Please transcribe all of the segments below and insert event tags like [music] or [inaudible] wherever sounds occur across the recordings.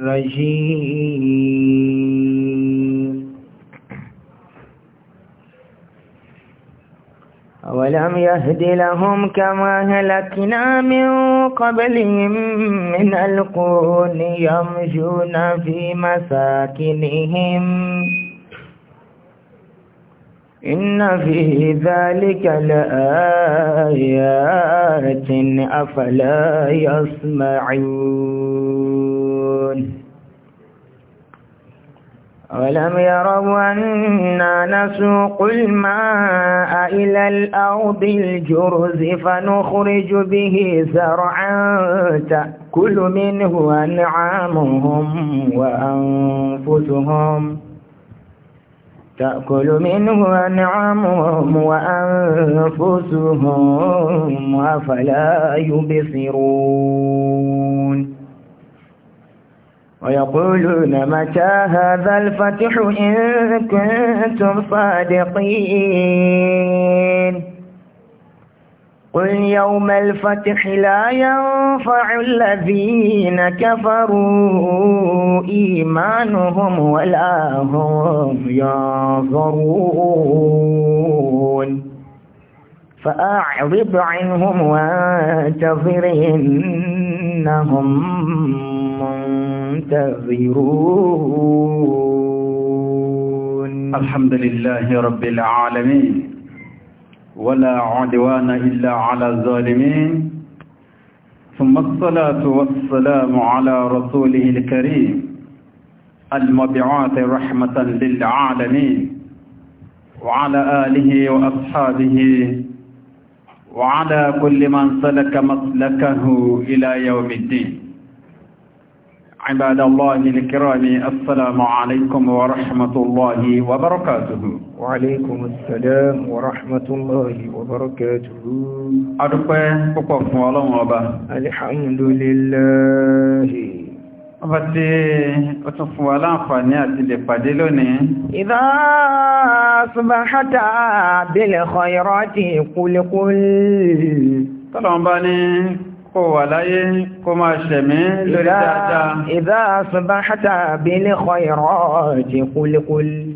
رجيم ولم يهد لهم كما هلكنا من قبلهم من القرون يمشون في مساكنهم إن في ذلك لآيات أفلا يسمعون أولم يروا أنا نسوق الماء إلى الأرض الجرز فنخرج به زرعا تأكل منه أنعامهم وأنفسهم تأكل منه أنعامهم وأنفسهم أفلا يبصرون ويقولون متى هذا الفتح إن كنتم صادقين قل يوم الفتح لا ينفع الذين كفروا إيمانهم ولا هم ينظرون فأعرض عنهم وانتظر إنهم تغيرون الحمد لله رب العالمين ولا عدوان إلا على الظالمين ثم الصلاة والسلام على رسوله الكريم المبعوث رحمة للعالمين وعلى آله وأصحابه وعلى كل من سلك مسلكه إلى يوم الدين عباد الله الكرام السلام عليكم ورحمة الله وبركاته وعليكم السلام ورحمة الله وبركاته أدوكي بكوف والله الحمد لله Ọba tí ó tún fún wa láǹfààní àti lè pàdé lónìí. Idha asbahta bil khayrati qul qul. Tọ́lọ̀ ń bá ní إذا, أصبحت بالخيرات قل قل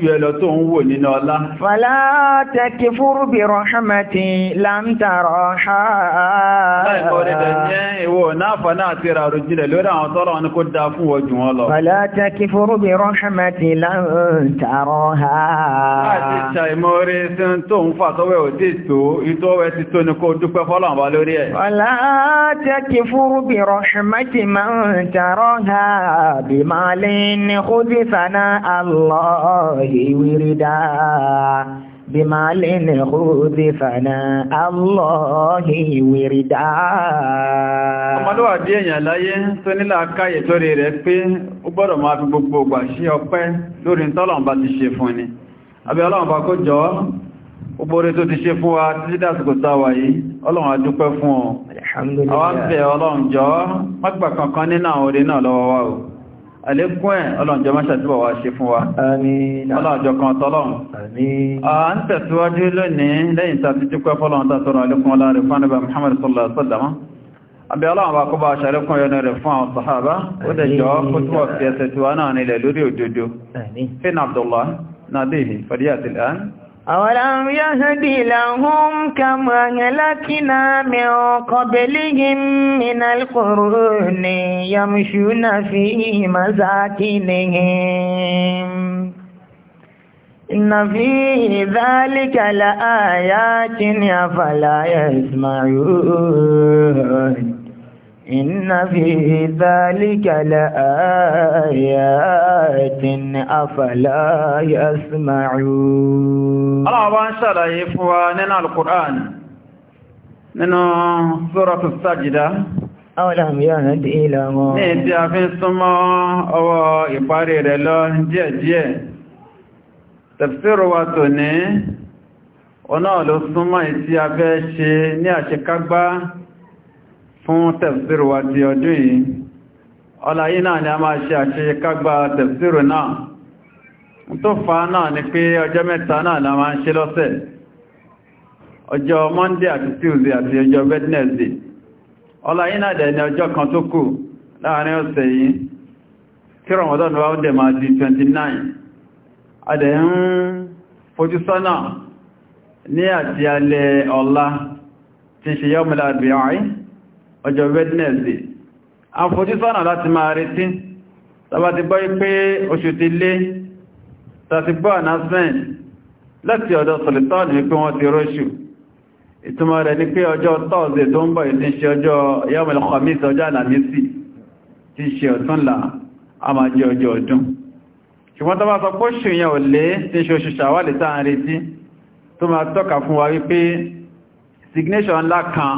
jù ẹ lọ tó ń wò nínú ọlá. Fàlá tẹ́kì fúrú bí rọ̀hámẹ́tì láńtàrọ̀ ha. Láìpọ̀ rẹ̀ máa lè ní kó dí sànà Allah. الله وردا بمال خذ فناء الله وردا ọmọlúwàdí èèyàn láyé tó nílà káyè tó rí rẹ̀ pé ó gbọ́dọ̀ máa fi gbogbo ògbà sí ọpẹ́ lórí tọ́lọ̀n ti ṣe fún ni abẹ́ ọlọ́run kó jọ ogbóre tó ti ṣe fún wa títí dásìkò táwà yìí ọlọ́run àlékún ẹ̀ ọlọ́njọ́ máa ṣàtúbọ̀ wá ṣe fún wa ọlọ́njọ́ kan tọ́lọ́run a ń tẹ̀síwájú lónìí lẹ́yìn tàbí tí kọ́ fọ́lọ́run tàtọ́rọ̀ àlékún ọlọ́rẹ̀ fún àníbà Muhammad sallallahu alaihi wasallam àbí ọlọ́run bá kó bá ṣàlékún yọnu rẹ̀ fún àwọn sàhábà ó dẹ̀ jọ أولم يهدي لهم كما أهلكنا من قبلهم من القرون يمشون في مساكنهم إن في ذلك لآيات أفلا يسمعون إن في ذلك لآيات أفلا يسمعون الله وان شاء الله يفواننا القرآن ننو سورة السجدة أولم يهد إلى ما نيدي أفين سما أو إباري رلو جي جي تفسير واتوني ọ̀nà ló súnmọ́ ìtí abẹ́ ṣe ní àṣekágbá fún tẹ̀fsìrì wa ọdún yìí ọlá yìí náà ni a máa ṣe àṣeyẹ kágbà tẹ̀fsìrì náà tó fa náà ni pé ọjọ́ mẹ́ta náà la máa ń ṣe lọ́sẹ̀ ọjọ́ monday àti tuesday àti ọjọ́ wednesday ọlá yìí náà dẹ̀ ni ọjọ́ kan tó kù láàrin ọ̀sẹ̀ yìí dẹ̀ máa di 29 adẹ̀ ń fojú àti alẹ́ ọjọ́ wednesday a fojú sọ́nà láti máa retí tàbátí gbọ́ pé oṣù ti lé tàbí gbọ́ announcement láti ọ̀dọ̀ sọ̀lítọ́ọ̀nì wípé wọ́n ti róṣù ìtumọ̀ rẹ̀ ni pé ọjọ́ thursday tó ń bọ̀ ìtí ṣe ọjọ́ yawmul khamis ọjọ́ àlàmísì ti ṣe ọ̀túnla a máa jẹ ọjọ́ ọdún ṣùgbọ́n tó bá sọ pé oṣù yẹn ò lé tí signation ńlá kan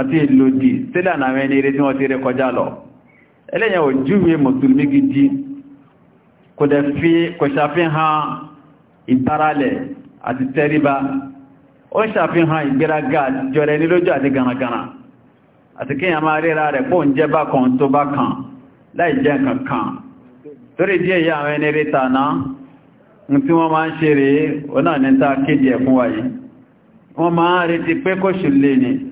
àti ìlòdì sílẹ̀ àwọn ẹni eré tí wọ́n ti rẹ kọjá lọ ẹlẹ́yìn òjúwé mùsùlùmí gidi kò dẹ̀ fi kò ṣàfihàn ìtàrálẹ̀ àti tẹríba ó ń ṣàfihàn ìgbéraga jọrẹ nílójú àti ganagana àti kíyàn máa ríra rẹ̀ pọ́ ń jẹ́ bá kan tó bá kan láì jẹ́ kankan. kan torí díẹ̀ yà àwọn ẹni eré tàná ń tí wọ́n máa ń ṣe rèé ó náà ní ta kéde ẹ̀kún wáyé wọ́n máa ń retí pé ni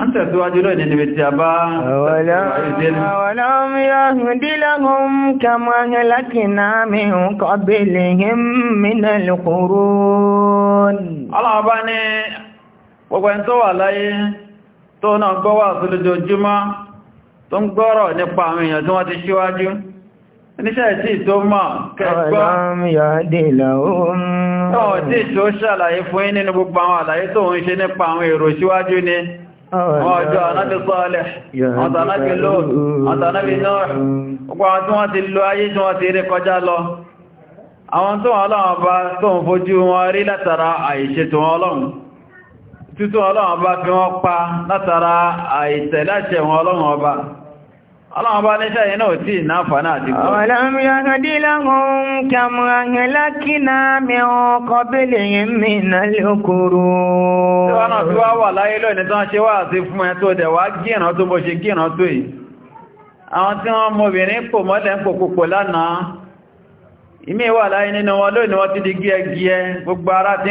أنت تواجهون إن بالتابع ولم يهد لهم كما هلكنا من قبلهم من القرون الله أباني وقوين سوى لي تونا قوى سلجو الجمع تون قرأ نبقى من يزوات الشواج níṣẹ́ ìtí tó mọ̀ kẹgbọ́ ọ̀dí tó ṣàlàyé fún yín nínú gbogbo àwọn àlàyé tó ń ṣe nípa àwọn èrò síwájú ni ọjọ́ anábi sọ́ọ̀lẹ̀ ọ̀tànábi lóòd náà tí wọ́n ti lọ ayé tí wọ́n ti rí kọjá lọ àwọn ọlọ́run tó ń fojú wọn rí látara ọlọ́run pa Ọlọ́run bá léṣẹ́ iná ò tí ìná náà ti gbọ́. Ọ̀lọ́run mi ọkọ̀ bílẹ̀ yìí mìíràn lókòrò. Tí wọ́n náà tí wá wà láyé lónìí tán ṣe wà fún ẹ Ìmí wà láyé nínú wọn lónìí wọ́n ti di gbogbo ara ti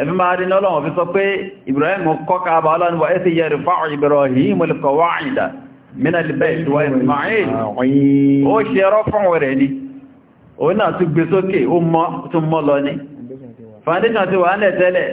ẹ̀mí máa rí lọ́lọ́wọ́ fi sọ pé Ibrahim kọ́ Kaaba ọlọ́niwọ̀ ẹ́sì yẹ rìfáà Ibrahim al-qawa'ida min al-bayt wa Ismail ó ṣe rọ́fún rẹ̀ ní ó náà tún gbé sókè ó wà ń lẹ̀ tẹ́lẹ̀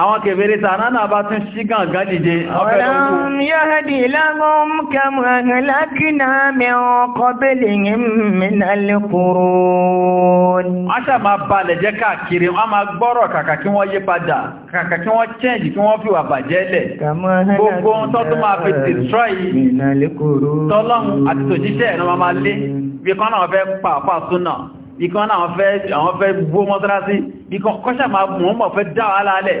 àwọn kèfèrè tààrà náà bá tún ṣí gàngán dìde ọ̀rọ̀m yahdi lahum kam ahlakna min qablihim min al-qurun a ṣà máa balẹ̀ jẹ́ káàkiri wọ́n máa gbọ́rọ̀ kàkà kí wọ́n yí padà kàkà kí wọ́n chẹ́ǹjì kí wọ́n fi wà bàjẹ́ lẹ̀ gbogbo tọ́tún máa fi destroy tọ́lọ́run àti tòjíṣẹ́ ẹ̀nà máa lé bí kan náà fẹ́ pàápàá súnà bí kan náà fẹ́ gbó mọ́sálásí bí kan kọ́ṣà máa mọ̀ fẹ́ dáwà lálẹ̀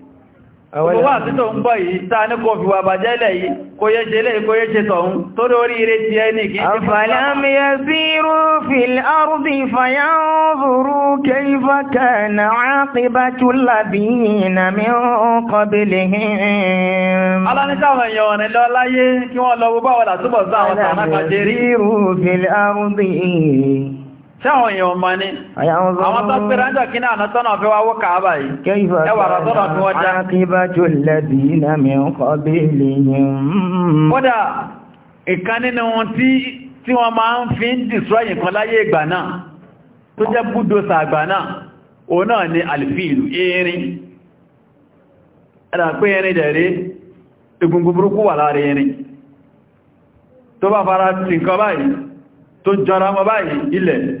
Gbogbo wà títò ń bọ̀ yìí, táa ní kò fìwà bàjẹ́ ilẹ̀ yìí, kò yẹ ṣe lè kò yẹ ṣe tọ̀hún, tó rí orí ire ti ẹni kìí. Afalam yasiru fil ardi fayanzuru kayfa kana aqibatu alladhina min qablihim. Aláníṣàwọn èèyàn ọ̀nà lọ láyé táwọn èèyàn mọ́ ní àwọn tó pèrè ń jọkí náà tọ́nà fi wá wó kàábà yìí ẹwàrà tọ́nà fi wọ́n já akíbájú lẹ́bí iná mi ń kọ́ bí lè yìn kódà ìkan nínú tí wọ́n máa ń fi ń dìsọ́ ìkan láyé ìgbà náà tó jẹ́ búdósà àgbà náà òun náà ni tó bá fara tìǹkan báyìí tó jọra mọ́ báyìí ilẹ̀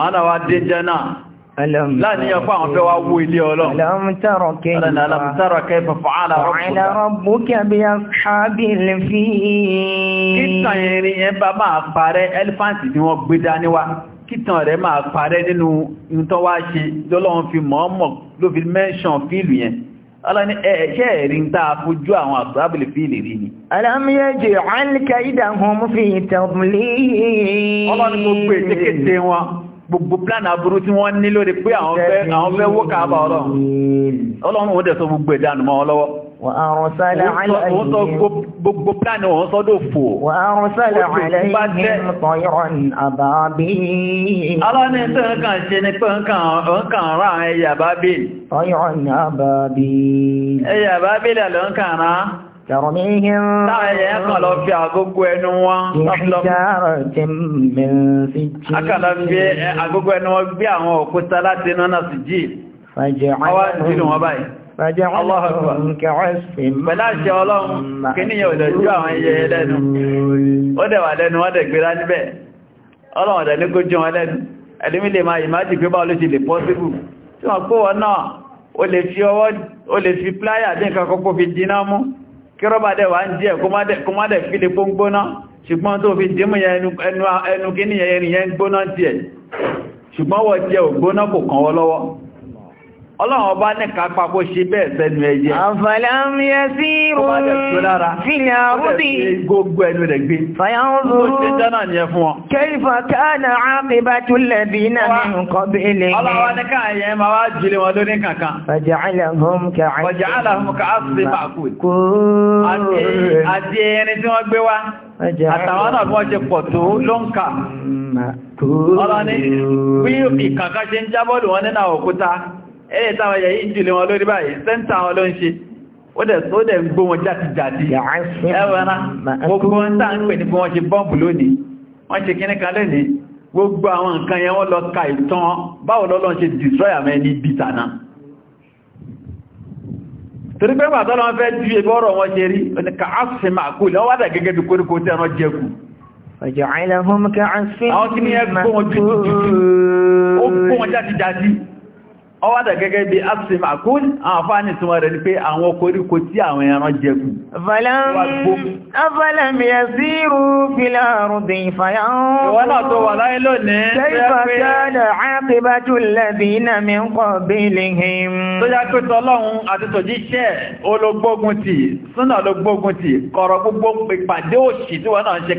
àwọn àwọn adéjẹ́ náà láàníyàn fún àwọn fẹ́ wá wó ilé ọlọ́run alamtara kẹfà fa'ala rabbuka bí ashabil fil kítan ìrìn yẹn bá máa parẹ́ ẹlifáǹtì ni wọ́n gbé dání wá kítan rẹ̀ máa parẹ́ nínú ìtọ́ wá ṣe lọ́lọ́run fi mọ́ọ̀mọ̀ ló fi mẹ́ṣàn fíìlù yẹn aláni ẹ̀ṣẹ́ ẹ̀rí ń tàà fojú àwọn àbúrábìlì fíìlì rí ni. alámiyẹ́jì alkaida hàn mú fi ìtàbùlì gbogbo plan aburú tí wọ́n ní lórí pé àwọn fẹ́ wó kàábà ọlọ́run ọlọ́run ó dẹ̀ sọ gbogbo ìdánù mọ́ ọlọ́wọ́ gbogbo plan òun sọ́dọ̀ fò ọlọ́ni tó ń kàn ṣe ní pé ń kàn rán ẹyà bábíl ẹyà bábíl àlọ́ ń ترميهم بحجارة من سجيل أكلا في أقوى نوبيا وقتلات نانا سجيل فاجعلهم فجعلهم كعصف بلاش ọlọ́run kí ní ọ̀dọ̀ jú àwọn ẹyẹ ẹlẹ́nu ó dẹ̀ wà lẹ́nu wọ́n dẹ̀ gbéra níbẹ̀ ọlọ́run ọ̀dẹ̀ ní kó jù wọn lẹ́nu ẹ̀lẹ́mí lè máa ìmájì pé bá olóṣì lè pọ́síbù tí wọ́n kó wọ́n náà ó lè fi pláyà dín kakọ́kọ́ fi dínà mú kí rọ́bà dẹ̀ wà ń jẹ́ kó má dẹ̀ fi lè gbóngbóná ṣùgbọ́n tó fi dímú ẹnu kí ní ẹ̀yẹn gbóná díẹ̀ ṣùgbọ́n wọ́n jẹ́ ògbóná kò kàn wọ́ lọ́wọ́ ọlọ́run ọba ní kápá kó ṣe bẹ́ẹ̀ sẹ́nu ẹyẹ. àfàlàm yasiru fìlà rúdì. gbogbo ẹnu rẹ̀ gbé. fàyàwùrú kayfa kana aqibatu alladhina min qablihim. ọlọ́wọ́ ní káàyẹ máa wá jùlẹ̀ wọn lórí kankan. faja'alahum ka'asfin. faja'alahum ka'asfin ma'kul. àti ẹni tí wọ́n gbé àtàwọn náà bí wọ́n pọ̀ tó ló ń kà. ọlọ́ni bí ìkànkan ṣe ń jábọ́ọ̀lù wọn nínú àwòkúta ẹ̀rẹ́ táwọn ẹ̀yẹ yìí wọn lórí báyìí sẹ́ntà wọn ló ń ṣe ó dẹ̀ só dẹ̀ ń gbó wọn játi játi ẹwẹ́ra gbogbo wọn tàà pè ní bí wọ́n ṣe bọ́m̀bù lónìí wọ́n ṣe kíní gbogbo àwọn nǹkan yẹn wọ́n lọ ka ìtàn báwo lọ́lọ́n destroy ọwádà gẹ́gẹ́ bí axim akún àfáàní tí wọ́n rẹ̀ ní pé àwọn koríko tí àwọn ẹran jẹkù afẹ́lẹ̀mí ẹ̀sírù fílẹ̀ àrùdì ìfàyàwó wọ́n náà tó wà láyé lónìí tó yá pé tọ́lọ́run àti tòjíṣẹ́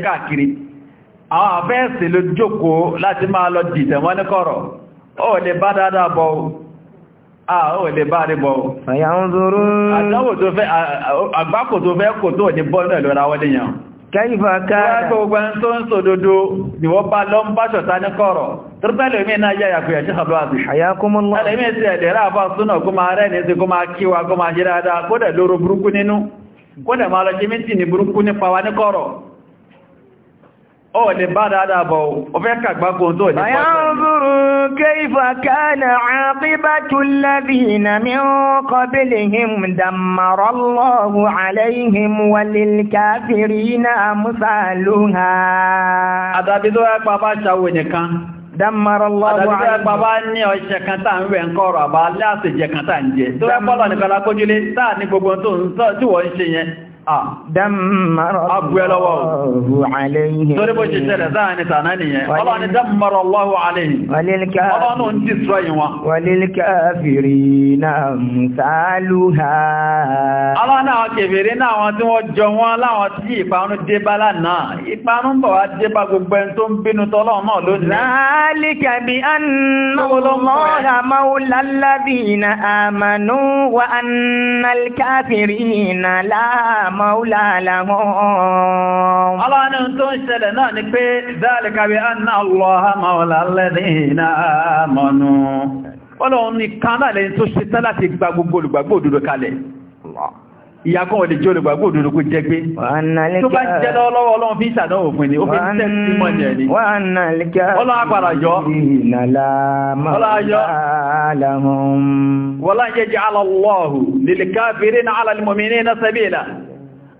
káàkiri àwọn àfẹ́ẹ̀sì ló jókòó láti máa lọ dìtẹ̀wọ́n ní kọ̀rọ̀ ó lè bá dáadáa bọ́ Ah, ó lè bá rí bọ́ ọ̀yà ń zúrú àgbákò tó fẹ́ kò tó ní bọ́ọ̀lẹ̀ lọ́ra wọlé yàn kẹ́yìnfà káàkiri wọ́n gbogbo ẹn tó ń sọ dodo ni wọ́n bá lọ ń bá ṣọ̀ta ní kọ́rọ̀ tọ́rọ̀tẹ́lẹ̀ omi náà yáyà kò yàjẹ́ àbúrázì ayakumullah ẹlẹ́mí sí ẹ̀dẹ̀rẹ́ àbá súnà kó máa rẹ̀ ní sí kó máa kíwa ó lè bá dáadáa bọ̀ ó fẹ́ kàgbákò tó ní pọ̀tẹ́. ọ̀yánzúrú kéfà kánà àpíbàtú lábìnà mìíràn kọbílìhìm dàmàrọ́lọ́wù aláìhìm wàlìlkàfìrí náà mùsàlùhà. àdàbí tó yẹ pàpá ṣàwò nìkan Àdàbí tó ẹgbà bá ní nìkan lákójúlé tàà Ah. Dẹ́mọ̀rọ̀lọ́wọ́ aléyìn. Torí bó ṣe ṣẹlẹ̀ sáà ní tàná nìyẹn. Ọlọ́run ni dẹ́mọ̀rọ̀lọ́wọ́ aléyìn. Ọlọ́run ń dìstrọ̀ ìwọ̀n. Wàlílìkà fìrí náà mú sáàlú ha. Ọlọ́run náà kèfèrè náà wọn tí wọ́n jọ wọn láwọn tí ìparun dé bá lánàá. Ìparun mọ́ọ́lá àlàmọ́. Ọlọ́ni tó ń ṣẹlẹ̀ náà ni pé dhalika bi anna Allaha mawla alladhina amanu. Ọlọ́run nìkan náà lẹ́yìn tó ṣetán láti gba gbogbo olùgbàgbọ́ òdodo kalẹ̀. Ìyà kan ò lè jẹ́ olùgbàgbọ́ òdodo kó jẹ́ gbé. Tó bá jẹ́ lọ́wọ́ Ọlọ́run fi ìṣàdán òfin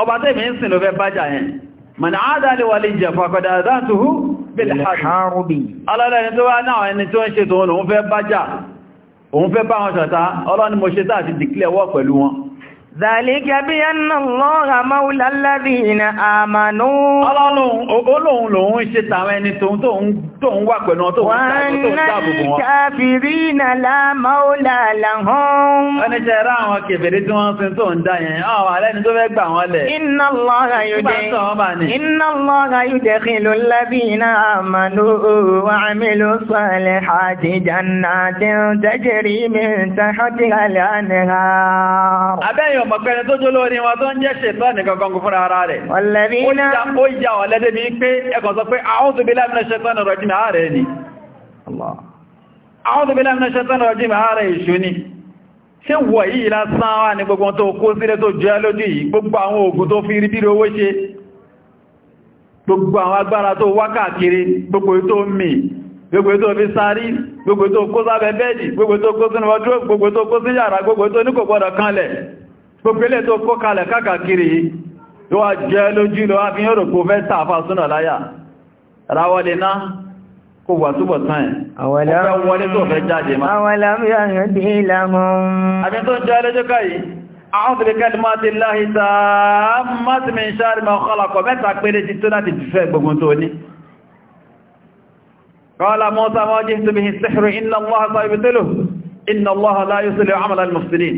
ọba tẹ́mi ń sìn ló fẹ́ bájà yẹn mọ̀nà àádáàlè wà lè jẹ fàkọ̀dà àdáàtùhú bílhárùbí alọ́lẹ́ni tó wá náà ẹni tó ń ṣe tó òun fẹ́ bájà òun fẹ́ bá wọn Zàlíkẹ́ bí ẹnà lọ́ra máúlá lábí ìnà àmànú. Ọlọ́run olóhun lòun ṣe tàwọn ẹni tó ń wà pẹ̀lú tó ń dáàbòbò wọn. Wọ́n kàfìrí ìnà lámáúlá làhún. Ẹni ṣe rá àwọn kèfèrí tí wọ́n sin tó ń dá yẹn, àwọn alẹ́ni tó fẹ́ gbà wọ́n lẹ̀. Iná lọ́ra yúdẹ̀ ọmọ pẹ́ni tó jóló ní wọn tó ń jẹ́ ṣètọ́ nìkan gangu fún ara rẹ̀. ó yà wọ́n lẹ́dẹ́ bí pé ẹkàn sọ pé àwọn tó bí láàrín ṣẹ́tọ́ ní rọ̀jí máa rẹ̀ ni àwọn tó bí láàrín ṣẹ́tọ́ ní rọ̀jí máa rẹ̀ ìṣú ni ṣe wọ̀ yìí lásán wà ní gbogbo tó kó sílẹ̀ tó jẹ́ lójú yìí gbogbo àwọn oògùn tó fi rí bí owó ṣe gbogbo tó kó sábẹ́ bẹ́ẹ̀dì gbogbo tó kó sínú ọdún gbogbo tó kó sí yàrá gbogbo tó ní kò gbọ́dọ̀ kanlẹ̀ gbogbo ilé tó kó kalẹ̀ kákàkiri tó wá jẹ́ lójú lọ wá fi yọ́rò kó fẹ́ tààfà súnà láyà ráwọ́lé náà kó wà túbọ̀ tán ẹ̀ ọ̀fẹ́ wọlé أعوذ بكلمات الله تامات من شر ما خلق متى pere ti tó láti fẹ́ gbogbo tó ní قال موسى ما به السحر إن الله تلو إن الله لا يصلح عمل المفسدين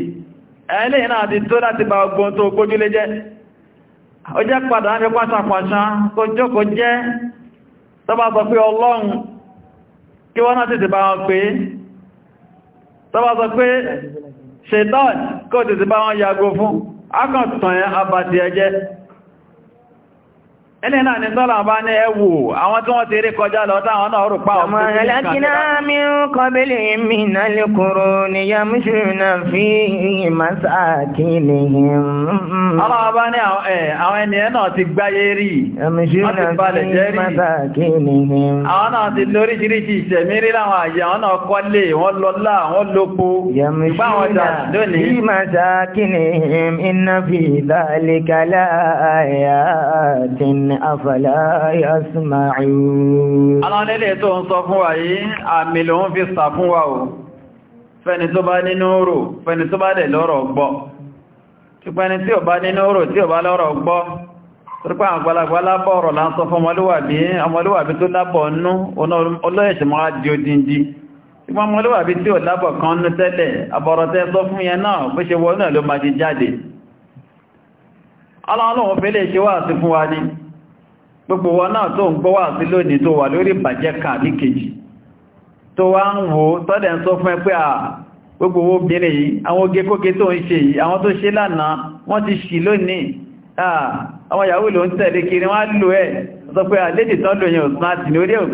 ẹ̀lẹ́ náà ti tó láti bá ọgbọ́n tó kójúlé jẹ́ ó jẹ́ padà ní pàṣàpàṣá kó jókó jẹ́ tó sọ pé ọlọ́run kí wọ́n náà tètè bá wọn pé pé bá wọn yàgò fún ẹjẹ́ ẹni náà ni tọ́lọ̀ bá ní ẹwù àwọn tí wọ́n ti rí kọjá lọ táwọn náà rò páwọn fún ìlàkínà mi ń kọbílì ìmìnà lèkòrò ní yàmùsùnà fi masáàkìlì ọlọ́ọ̀bá ní àwọn ènìyàn náà ti gbáyé rí yàmùsùnà fi masáàkìlì àwọn náà afala yasma'un. Alánilẹ̀ tó ń sọ fún wa yìí, àmì ló ń fi sà fún wa o. Fẹ́ni tó bá nínú rò, fẹ́ni tó bá dẹ̀ lọ́rọ̀ gbọ́. Ìpẹni tí ò bá àgbàlagbà lábọ̀ ọ̀rọ̀ là fún ọmọlúwàbí, ọmọlúwàbí tó lábọ̀ nú, olóyẹ̀ṣẹ̀ máa di odindi. Ìgbà ọmọlúwàbí tí ò lábọ̀ kan nú tẹ́lẹ̀, àbọ̀rọ̀ tẹ́ gbogbo wọn náà tó ń gbọ́ wà sí lónìí tó wà lórí ìbàjẹ́ kan àbí kejì tó wá ń wo tọ́dẹ̀ ń sọ fún ẹ pé à gbogbo obìnrin yìí àwọn ogekóke tó ń ṣe yìí àwọn tó ṣe lánàá wọ́n ti ṣì lónìí àwọn yahoo ló ń tẹ̀lé kiri wọ́n lò ẹ̀ sọ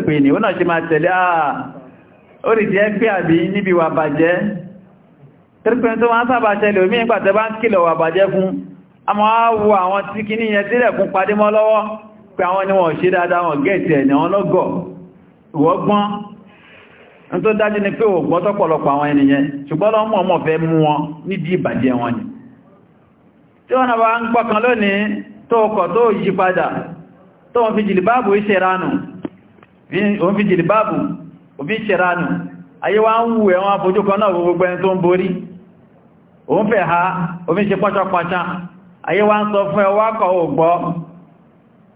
pé ni ó náà pé àwọn ni wọ́n ṣe dáadáa wọn gẹ́ẹ̀tì ẹ̀nì wọn lọ́gọ̀ ìwọ́gbọ́n ní tó dájú ni pé ògbọ́n tọ́pọ̀lọpọ̀ àwọn ènìyàn ṣùgbọ́n lọ́mọ̀ ọmọ fẹ́ mú wọn níbi ìbàjẹ́ wọn ni tí wọ́n ń gbọ́kan lónìí tó ọkọ̀ tó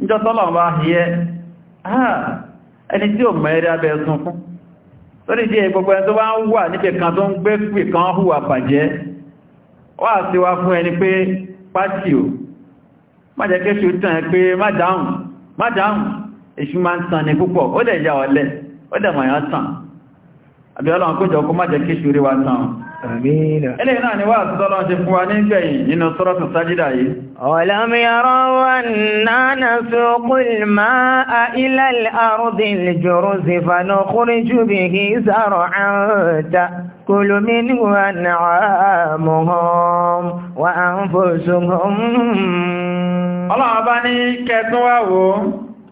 níjọ́ tọ́lọ̀ yẹ ẹni tí ò mẹ́rẹ́ abẹ́ sun fún lórí díẹ̀ gbogbo ẹni tó bá ń wà níbi kan tó ń gbé pè kan hùwà bàjẹ́ wà sí wá fún ẹni pé pàtì ò má jẹ́ tàn ẹ pé má dáhùn èṣù máa ń tàn ní púpọ̀ Ilé náà ni wá àtútọ́lọ́ ṣe fún wa ní gbẹ̀yìn nínú Sọ́rọ̀tù Sájídà yìí. Ọ̀lọ́mí ọ̀rọ̀ wà náà na sókùl máa a ilẹ̀ àrùdì ìjọrò sí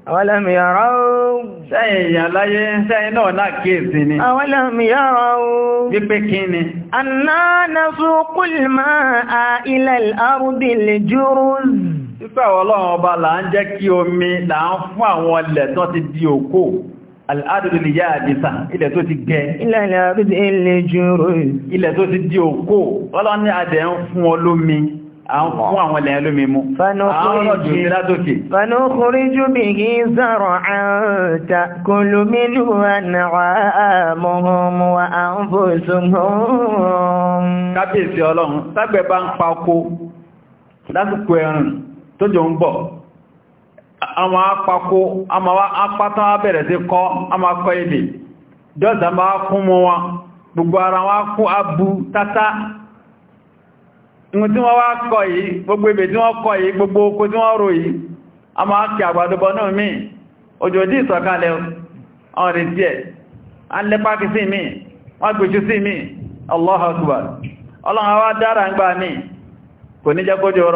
أولم يروا سيئ علي سيئنا ناكيسني أولم يروا ببكيني أنا نسوق الماء إلى الأرض الجرز Ìpẹ́ ọlọ́run ọba là ń jẹ́ kí omi là ń fún àwọn ilẹ̀ tó ti di òkó, al'adùn lè yá àdìsà, ilẹ̀ tó ti gẹ. Ilẹ̀ tó ti di òkó, ọlọ́run ni adẹ̀ ń fún ọlómi fún àwọn ilẹ̀ ẹlómi mú. Fanúkúríjú bí i zọ̀rọ̀ àǹtà kúlù mínú ànàwà àmọ́hùn wa àǹfòsùnhùn. Kábíyèsí ọlọ́run, ságbẹ̀ bá ń pa oko lásìkò ẹ̀rùn tó jọ ń bọ̀. Àwọn apako, apátá bẹ̀rẹ̀ sí kọ́, a máa kọ́ ilẹ̀. Dọ́ta máa kún mọ́ wọn, gbogbo ara wọn kún abu tátá. ìwọ̀n tí wọ́n wá kọ yìí gbogbo ibè tí wọ́n kọ yìí gbogbo oko tí wọ́n rò yìí a máa kí àgbàdọ́bọ̀ náà mí òjòdí ìsọ̀kalẹ̀ ọ̀rì díẹ̀ a ń lẹ́pá kí sí mí wọ́n Allahu dára ń gbà kò ní jẹ́ ọ̀rọ̀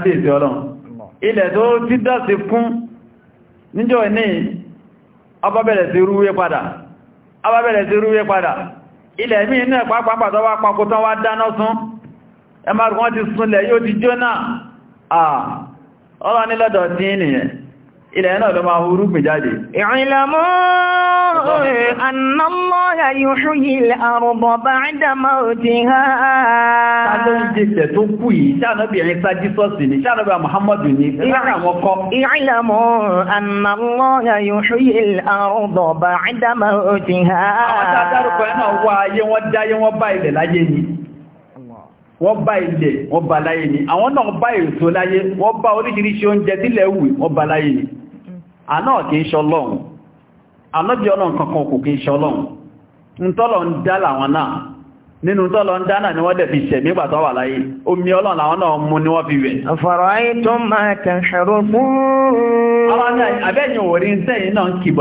gbogbo ilẹ̀ tó ti dásí fún níjọ́ ní ọbábẹ̀rẹ̀ sí rúwé padà ọbábẹ̀rẹ̀ sí rúwé padà ilẹ̀ mí inú ẹ̀pá pàpàtọ́ wá pàkótán wá dáná sún ẹmà wọ́n ti súnlẹ̀ yóò ti jóná ọlọ́nilọ́dọ̀ tí nìyẹn ilẹ̀ náà lọ máa orúgbìn jáde. ìrìnlẹ̀mọ́ annamọ́ya yóò yìí àrùbọ̀ bá ìdámọ́ òjì ha. sáàlọ́ ìjẹsẹ̀ tó kú yìí sáàlọ́bìnrin sá jísọ́sì ni sáàlọ́bà muhammadu ni ìrìnlẹ̀mọ́ wọ́n bá ilẹ̀ wọ́n bá láyé ni àwọn náà bá èso láyé wọ́n bá ṣe oúnjẹ tílẹ̀ wù wọ́n bá láyé ni àná kìí ṣọlọ́run ànábí kankan kò kìí ṣọlọ́run ntọ́lọ̀ ń dá làwọn náà nínú tọ́lọ̀ ń dá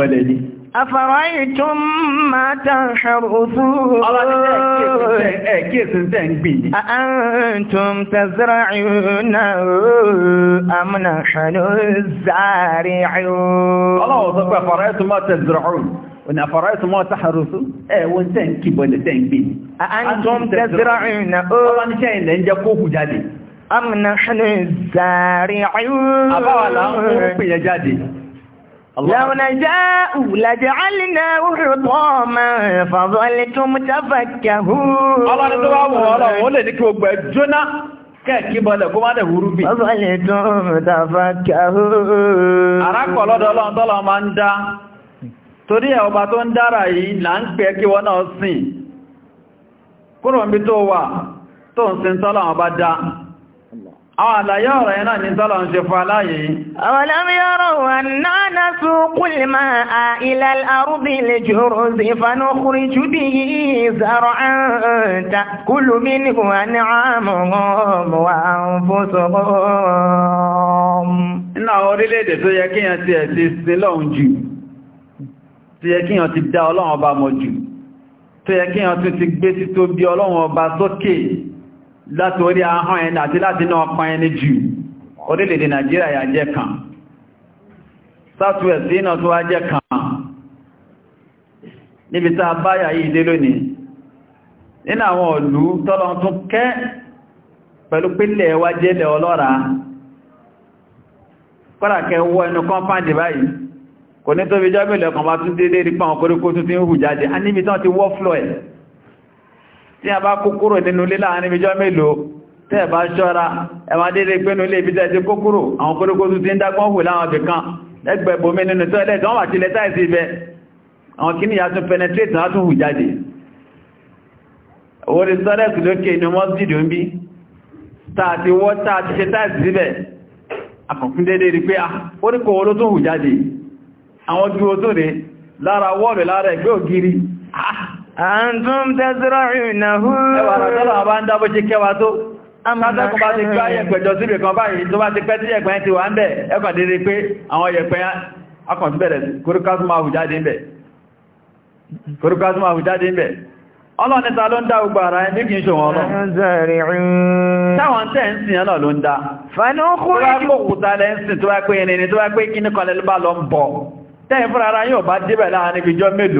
náà ni أفرأيتم ما تحرثون أأنتم تزرعونه أم نحن الزارعون الله أصبح أفرأيتم ما تزرعون وإن أفرأيتم ما تحرثون إيه وإن تنكي وإن تنبي أأنتم تزرعونه الله نشاهد لأن جاكوه جادي أم نحن الزارعون أبا ولا أم نحن الزارعون لو نشاء لجعلناه رطاما فظلتم تفكهون الله ni tó bá wọ̀ ọ́lọ́ wọ́n lè ní kí gbogbo ẹ̀ jóná kẹ́ẹ̀kí bọ́lẹ̀ kó má dẹ̀ wúrú bí. فظلتم تفكهون. àrákọ̀ lọ́dọ̀ ọlọ́run tọ́lọ́ máa ń dá torí ẹ̀ ọba tó ń dára yìí là ń pẹ́ kí wọ́n náà sìn kúrò níbi tó wà tó ń sin tọ́lọ́ àwọn bá àwọn àlàyé ọ̀rọ̀ ẹ̀nà ní sọ́lọ̀ ń ṣe fún aláyé أولم يروا أنا نسوق الماء إلى الأرض الجرز فنخرج به زرعا تأكل منه أنعامهم وأنفسهم Iná orílẹ̀-èdè tó yẹ kíyàn ti ẹ̀sí sílọ́un jù, tó yẹ kíyàn ti dá látorí ahọ́n ẹni àti láti náà pa ẹni jù orílẹ̀-èdè Nàìjíríà yà jẹ́ kan southwest iná tó wá jẹ́ kan níbi tá báyà yìí dé lónìí nínú àwọn ìlú tọ́lọ tún kẹ́ pẹ̀lú pínlẹ̀ wá jẹ́lẹ̀ ọlọ́ra kọ́làkẹ́ wọ ẹnu kọ́mpáǹdì báyìí kò ní tóbi jọ́gbẹ̀lẹ̀ kan bá tún tí a bá kó kúrò nínú ilé láàrin ìjọ mélòó tẹ́ bá ṣọ́ra ẹwà dédé pé nílé ibi tẹ́ ti kó kúrò àwọn kórókó tún ti ń dágbọ́n hù láwọn ibìkan ẹgbẹ̀bòmí nínú tọ́ẹ̀lẹ̀ tán wà ti lẹ́tà ìsì ibẹ̀ àwọn kíní ya tún penetrate náà tún hù jáde orí tọ́lẹ̀tì lókè inú mọ́sídìí ń bí tààtí wọ́ tààtí ṣe ah, lára wọ́ọ̀lù lára ẹgbẹ́ ògiri àǹtún tẹ́sírọ̀rì ìnáhú ẹwà àtọ́lọ̀ àbá ń dábó ṣe tó kátàkùn bá ti gbá yẹ̀pẹ̀jọ síbì kan báyìí tó bá ti pẹ́ tí yẹ̀pẹ̀ ti wà ń bẹ̀ ẹkàn dédé pé ta ló ń dá gbogbo ara ẹni kìí ṣe wọn lọ. táwọn tẹ́ ń sìn ẹ̀nà ló ń dá. fanúkúrú tó bá kòkòtà lẹ́ ń sìn ń bọ̀.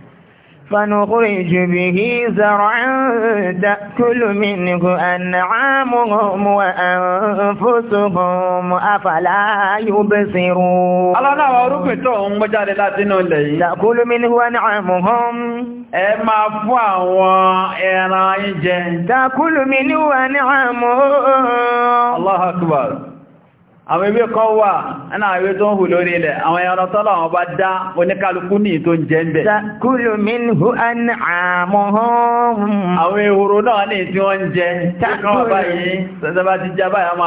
فنخرج به زرعا تأكل منه أنعامهم وأنفسهم أفلا يبصرون الله نعم تأكل منه أنعامهم ẹ máa fún تأكل منه أنعامهم الله أكبر àwọn ewé kan wà ẹ̀nà àwọn ewé tó ń hù lórí ilẹ̀ àwọn ẹran tọ́lọ̀ wọn bá dá oníkálukú ní tó ń jẹ ń bẹ̀. takulu minhu an'amuhum. àwọn ehoro náà ní tí wọ́n ń jẹ takulu báyìí sọ́sọ́bá ti àwọn àgbò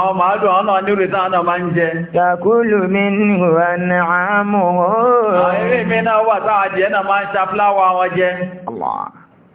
àwọn màálù àwọn náà nírò Allah.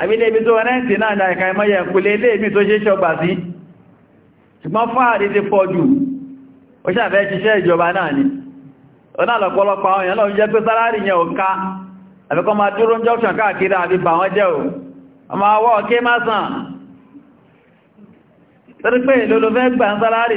àbílẹ̀ ibi tó rẹ́ǹtì náà ní àìkà ìmọ́yẹ̀ ìpìlẹ̀ ilé ìbí tó ṣe ṣọgbà sí ṣùgbọ́n fáàrí ti pọ̀ jù ó ṣàfẹ́ ṣiṣẹ́ ìjọba náà ni ó náà lọ́pọ̀lọpọ̀ àwọn èèyàn lọ jẹ́ pé sálárì yẹn ò ká àfikọ́ máa dúró ń jọ́ṣàn káàkiri àbí bà wọ́n jẹ́ ò ọmọ awọ́ ọ̀ké má sàn torí pé ìlú ló fẹ́ gbà ń sálárì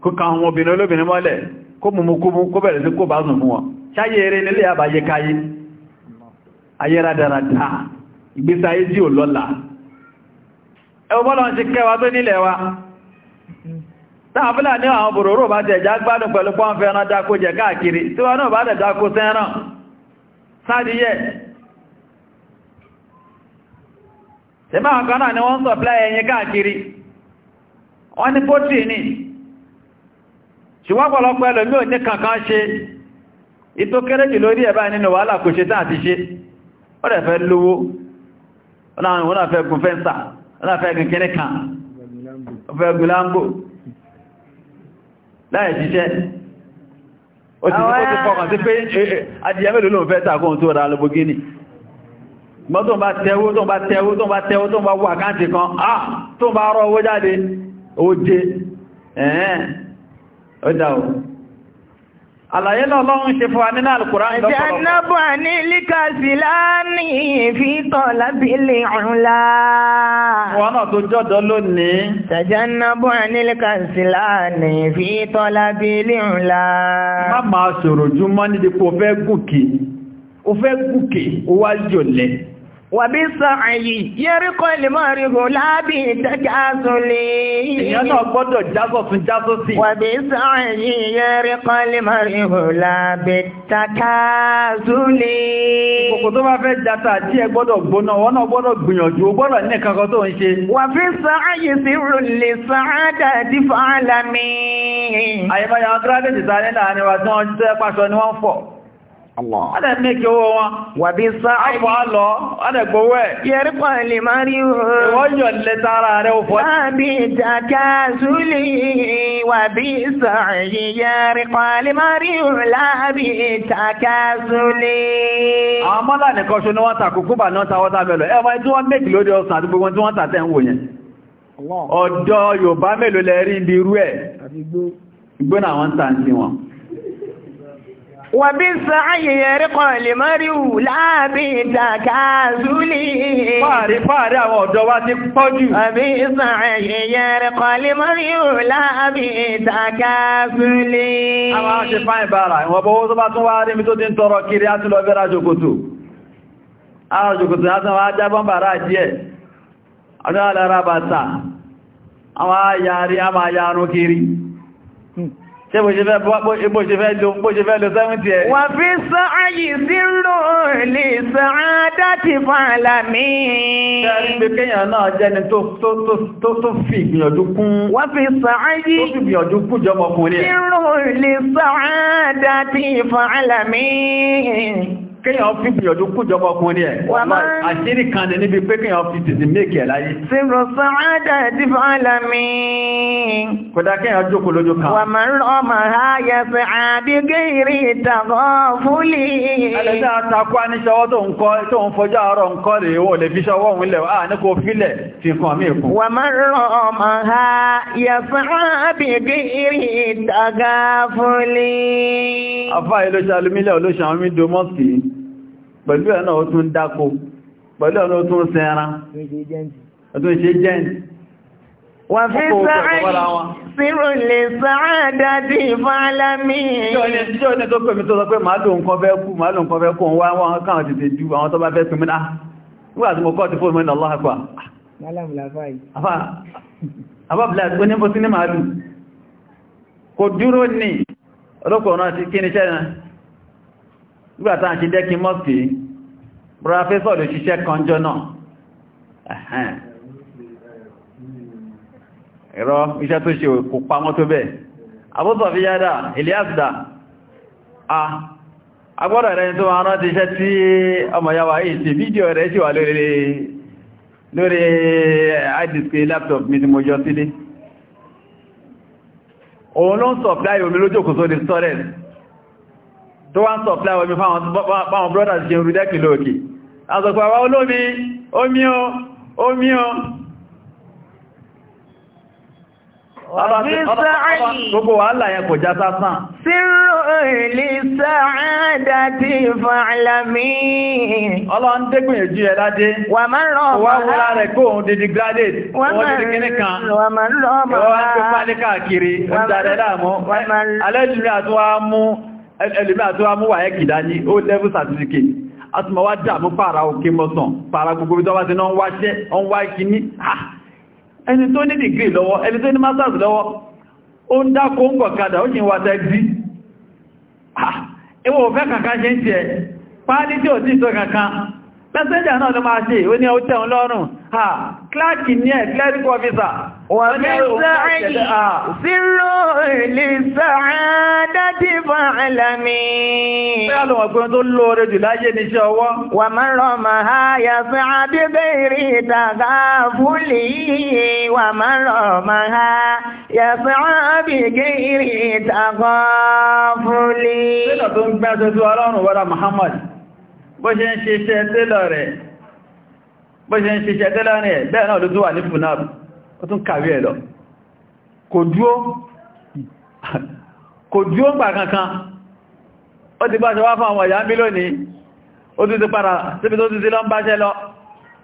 kó kan àwọn obìnrin olóbìnrin mọ́lẹ̀ kó mú mú kó bẹ̀rẹ̀ sí kó bá zùn mú wọn ṣáyé eré nílé àbáyé káyé ayéradáradá ìgbésí tí ò lọ́la ẹwọ́bọ́lọ́ ti kẹwa tó nílẹ̀ wa táàfílà ní àwọn bòròrò bá pẹ̀lú pọ́nfẹ́ jẹ wọ́n ni pọ́tì ní ṣùgbọ́n pọ̀lọpọ̀ ẹlòmí ò ní kankan ṣe ìtò kéré jù lórí ẹ̀bá nínú wàhálà kò ṣe tán àti ṣe ó rẹ̀ fẹ́ lówó ọ̀nà fẹ́ gun fẹ́ǹsà ọ̀nà fẹ́ gun kéré kan ọ̀fẹ́ gun láńgbò láì ṣiṣẹ́ ó ti fọkàn sí pé adìyẹ mélòó ló ń fẹ́ tàkóhun tó ra lọ́bọ̀gínì mọ́ tó ń bá tẹ́wó tó ń bá tẹ́wó tó ń bá tẹ́wó tó ń bá wà káàntì kan ah tó ń bá rọ owó jáde ó jẹ ẹ̀ẹ́ ọjà o àlàyé náà lọ́run ṣe fún wa nínú àlùkùrá ìjọpọ̀lọpọ̀ ìjànàbù àní líkàsí láàní ìfìtọ̀ lábílẹ̀ ọ̀rúnlá wọn náà tó jọ́dọ̀ lónìí ìjànàbù àní líkàsí láàní wàbísàáyì yẹ́ríkọ́ ìlúmọ̀ríhù lábí ìtẹ́jásúlé èyàn náà gbọ́dọ̀ jásọ̀ fún jásọ̀ sí wàbísàáyì yẹ́ríkọ́ ìlúmọ̀ríhù lábí ìtẹ́jásúlé kòkò tó bá fẹ́ jata tí ẹ gbọ́dọ̀ gbóná wọn náà gbọ́dọ̀ gbìyànjú ó gbọ́dọ̀ ní kankan tó ń ṣe wàbísàáyì sí rúlé sàádà tí fàálàmì àyẹ̀mọ̀ yàn gírádìtì sáré náà ni ni wọ́n A na-eme kí owó wọn. A sáàlì. Ọ̀pọ̀ àlọ́, adẹ̀ a na Yẹ̀rí kan lè máa rí o. Ìwọ́n yọ̀ lẹ tara rẹ̀ ò Wàbí ìdàkà Zúlì, wàbí sáàlì, yẹ̀rí kan lè máa rí o láàbí ìdàkà Zúlì. Àwọn ni ta ta Ẹ tí wọ́n méjì lórí àti gbogbo tí wọ́n tẹ́ ń wò yẹn. Yorùbá mélòó lẹ rí ibi irú ẹ̀. ń ta wọn. وبالسعي يرقى لمريو لا بتكاسل فاري فاري àwọn ọ̀dọ́ wa ti pọ̀jù وبالسعي يرقى لمريو لا بتكاسل àwọn ṣe fáìn bára ìwọ̀n bọ́wọ́ tó bá tún wá rí mi tó ṣe bó ṣe fẹ́ bó ṣe fẹ́ lo bó ṣe fẹ́ lo sẹ́wìntì ẹ̀. wà fi sáàyì zírò lè sàádá ti fààlà mí. ṣẹ́rí pé kéèyàn náà jẹ́ni tó fi kéèyàn fi gbìyànjú kújọba ọkùnrin ẹ̀ àṣírí kan ní níbi pé kéèyàn fi tètè méèkì ẹ̀ láyé. sírò sàádà ti fún àlàmì. kódà kéèyàn jókòó lójú kan. wà máa ń lọ ọmọ ha yẹsẹ̀ àbígẹ́rì ìtàkọ́ fúlì. ẹlẹ́dàá takú aníṣọwọ́ tó ń kọ́ tó ń fọjọ́ àárọ̀ ń kọ́ rèé wọ́n lè fi ṣọwọ́ òun lẹ̀ ní kò fílẹ̀ fi kàn mí kù. wà máa ń lọ ọmọ ha yẹsẹ̀ àbígẹ́rì ìtàkọ́ fúlì. àfáà ilé ṣàlùmílẹ̀ olóṣàmí domọ́sì pẹ̀lú ẹ̀nà ó tún dákó pẹ̀lú ẹ̀nà ó tún sẹ́ran ọdún ṣe jẹ́ǹdì wà fi sáàrì sírò lè sáàdá dì fàálàmì ìjọ́ ní tó pẹ̀mí tó sọ pé máa lò nǹkan fẹ́ kú máa lò nǹkan fẹ́ kú wá wọ́n káwọn ti ju àwọn tó bá fẹ́ pẹ̀mí náà nígbà tí mo kọ́ ti fóònù mẹ́rin Allah akwa àbábìlá onímọ̀ sí ní màálù kò dúró ní ọlọ́pọ̀ náà ti kí ní ṣẹ́rin nígbàtà àti dẹ́kí mọ́sí prọfẹ́sọ̀ lè ṣiṣẹ́ kanjọ́ náà ẹ̀rọ iṣẹ́ tó ṣe kò pamọ́ tó bẹ́ẹ̀ abúsọ̀ fi yádà Eliasda a agbọ́dọ̀ rẹ̀ tó máa rántí iṣẹ́ tí ọmọ yàwà yìí ti fídíò rẹ̀ ṣì wà lórí àdìsí laptop mi tí mo jọ sílé òun ló ń tó wá ń sọ̀pláì omi fáwọn brothers jẹun rí dẹ́kì lóòkè àzọ̀pọ̀ àwọn olómi omi o omi o gbogbo wàhálà yẹn kò já sásán sírò ìlú sáàdà tí fàálàmí ọlọ́n dégbìyànjú ẹ ládé wà máa lọ wà wúra rẹ̀ kó òun dìdì graduate wọ́n ẹlùmí àti wá mú wà ẹ́ kìdá ní ó level certificate a ti ma wá dàmú pàrà òkè mọ́sàn pàrà gbogbo bí tọ́wá ti náà wá ṣẹ́ ọ́n wá ìkíní ẹni tó ní degree lọ́wọ́ ẹni tó ní masters lọ́wọ́ ó ń dá kóńgò kadà ó sì ń wá tẹ́gbí ẹwọ́ òfẹ́ pẹ́sẹ́jà náà ló máa ṣe ó ní ó tẹ́un lọ́rùn ha kíláàkì ní ẹ̀ clerical officer wà ní sàárì sírò lè sàádá ti fún alami pẹ́ alùmọ̀gbọ́n tó lóore jù láyé níṣẹ́ ọwọ́ bó ṣe ń ṣe iṣẹ́ tẹ́lọ rẹ̀ bó ṣe ń ṣe iṣẹ́ tẹ́lọ rẹ̀ bẹ́ẹ̀ náà ló tó wà ní funab ó tún kàwé ẹ̀ lọ kò dúó kò dúó gbà kankan ó ti bá ṣe wá fún àwọn ìyá mi lónìí ó tún ti padà síbi tó ti lọ ń báṣẹ́ lọ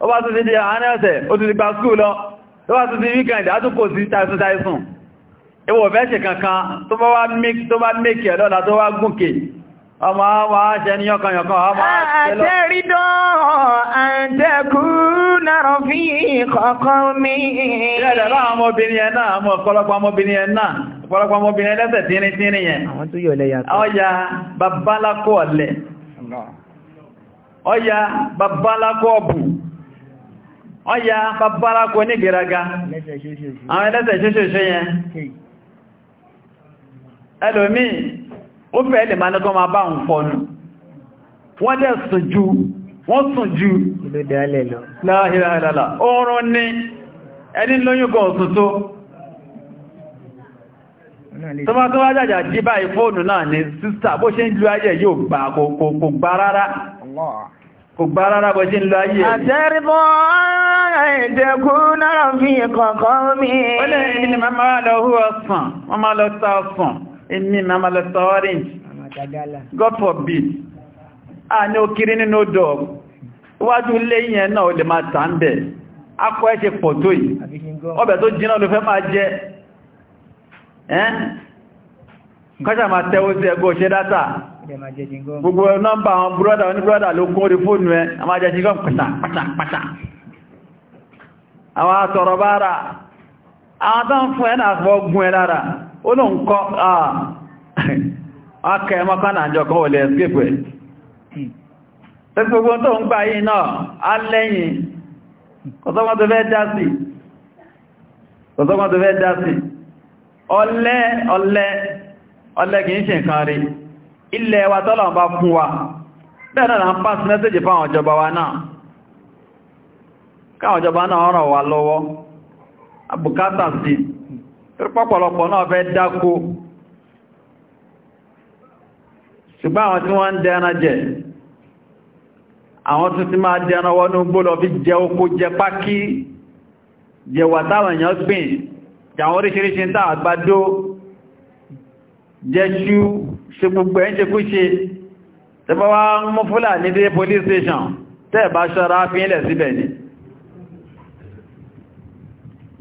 ó bá tún ti di àárín ọ̀sẹ̀ ó tún ti gba skúù lọ ó bá tún ti wíkẹ̀ndì á tún kò sí taisun taisun ìwọ̀fẹ́ ṣe kankan tó bá mẹ́kẹ̀ẹ́ lọ́la tó wá gúnkè ọmọ wa jẹ́ ní ọkànyọ̀kan ọmọ àtẹ́lọ. àtẹ́rídọ́ àtẹ́kù nárọ̀ fi kọ̀ọ̀kan mi. ìrẹ̀lẹ̀ láwọn ọmọbìnrin ẹ̀ náà mọ́ ọ̀pọ̀lọpọ̀ ọmọbìnrin ẹ̀ náà ọ̀pọ̀lọpọ̀ ọmọbìnrin ẹlẹ́sẹ̀ tíní tíní yẹn. àwọn tó yọ̀ lẹ́yà. ọya babalákọ̀ ọ̀lẹ̀ ọya babalákọ̀ ọ̀bù ọya babalákọ̀ onígbèraga àwọn ẹlẹ́sẹ̀ ṣíṣe ṣe yẹn ẹlòmíì ó fẹ́ lè máa nẹ́kọ́ máa bá ń fọnù wọ́n dẹ̀ sùn jù wọ́n sùn jù láàrínláà oorun ní ẹni lóyún gan òtútó tó máa tó wá jí báyìí fóònù náà ni sísà bó ṣe ń lu ayé yóò gbà kò gbà rárá kò gbà rárá bó ṣe ń lu ayé àtẹ́rìbọ́ ẹ̀ẹ́dẹ̀kún náà fi kọ̀kọ́ mi ó lè ní ma máa lọ hú ọ̀sán inni mamala orange god forbid a ní okiri o lè máa tàn bẹ̀ akọ ẹ́ ṣe o tó yìí ọbẹ̀ tó jiná ló fẹ́ máa jẹ ẹ́n kọ́ṣà máa tẹ́wó sí ẹgbẹ́ òṣè dátà gbogbo nọ́mbà àwọn búrọ́dà búrọ́dà ló orí fóònù ẹ a máa jẹ́ ṣígọ́m pàtàpàtà àwọn àtọ̀rọ̀ bára àwọn tó ń fún ẹ́ náà fọ́ ó ló ń kọ́ ààkẹ́ [laughs] ẹmọ́kánà àjọkan olè escape ẹ̀ tẹ́gbogbo tó ń gbà yìí náà á lẹ́yìn kọ̀sọ́gbọ́n tó ọlẹ́ ọlẹ́ ọlẹ́ kìí ṣe nǹkan rí ilẹ̀ wa tọ́lọ̀ bá fún wa bẹ́ẹ̀ náà káwọn ìjọba náà lọ́wọ́ sí pọ́pọ̀lọpọ̀ náà fẹ́ dákó ṣùgbọ́n àwọn tí wọ́n ń dẹ́ẹ̀nà jẹ àwọn tún ti máa dẹ́ẹ̀nà wọnú gbólọ fi jẹ oko jẹ pákí jẹ wàtàwọn èèyàn gbìn jàwọn oríṣiríṣi tá àgbàdo jẹ́ṣú ṣe gbogbo ẹ̀ ń ṣe kú police station tẹ́ẹ̀bá ṣọ́ra fi ń lẹ̀ síbẹ̀ ni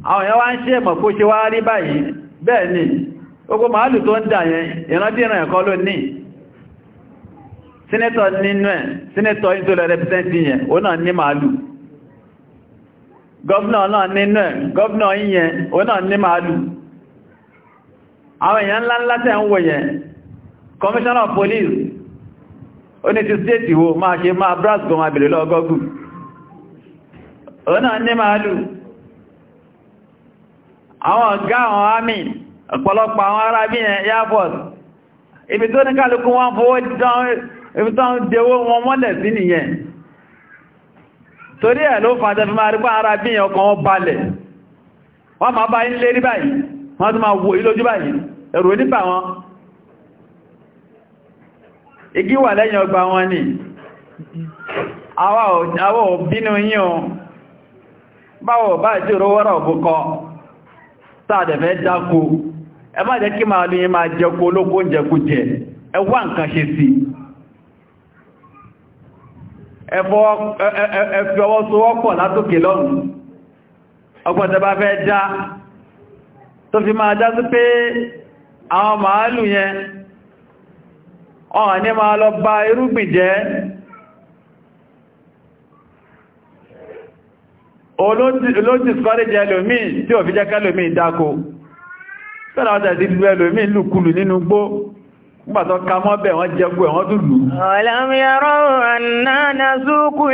àwọn wa ń ṣe mọ̀ kó ṣe wá rí báyìí bẹ́ẹ̀ ni gbogbo màálù tó ń dà yẹn ìrandíran ẹ̀kọ́ ló ní sínẹ́tọ̀ nínú ẹ̀ sínẹ́tọ̀ yìí rẹpítẹ́ntì yẹn ó náà ní màálù gọ́ọ̀nà náà nínú ẹ̀ gọ́ọ̀nà wo ma ma braz ó náà ní àwọn ọ̀gá àwọn àmì ọ̀pọ̀lọpọ̀ àwọn arábí airport ibi tó ní kálukú wọ́n fowó ìfitán dewó wọn mọ́lẹ̀ sí nìyẹn torí ẹ̀ ló fàájẹ́ fi máa rí pán arábí ọkàn wọn balẹ̀ wọ́n máa bá ń lérí báyìí wọ́n tún máa wò ilójú báyìí ẹ̀rù nípa wọn igi wà lẹ́yìn ọgbà wọn ni àwa ò o báwo tààdẹ̀fẹ́ dákó ẹ má jẹ́ kí màálù yí máa jẹko olóko jẹkújẹ ẹ wá nǹkan ṣe sí ẹ fi ọwọ́ sowọ́pọ̀ látòkè lọ́rùn ọgbọ̀tẹ̀ bá fẹ́ dá tó fi máa dá sí pé àwọn màálù yẹn ọ̀hàn ní máa lọ bà irúgbìn jẹ́ olóòjì sọ́rẹ́jì ẹlòmí tí ò fi jẹ́ kẹlòmí dákó sọ́rọ̀ ọ̀tẹ̀ ti lú ẹlòmí lùkulù nínú gbó Gbàtọ̀ ka mọ́ bẹ̀ wọ́n jẹ́ gbẹ̀ wọ́n dùlù. Ọ̀làm yàrá ọ̀nà na zúkú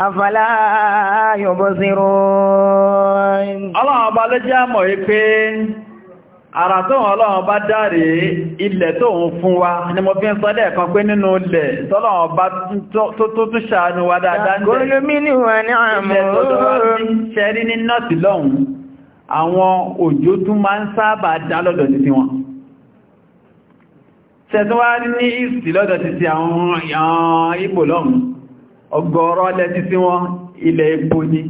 afala yubsirun. ọba ló jẹ́ àmọ̀ yí pé ara tóhun ọlọ́run bá dáre ilẹ̀ tóhun fún wa ni mo fi ń sọ́lẹ̀ kan pé nínú ilẹ̀ tọ́lọ́run bá tó tún ṣàánú wa dáadáa ń ní àwọn ìbò ọgọ́rọ̀ lẹ́tí sí wọn ilẹ̀ epo ni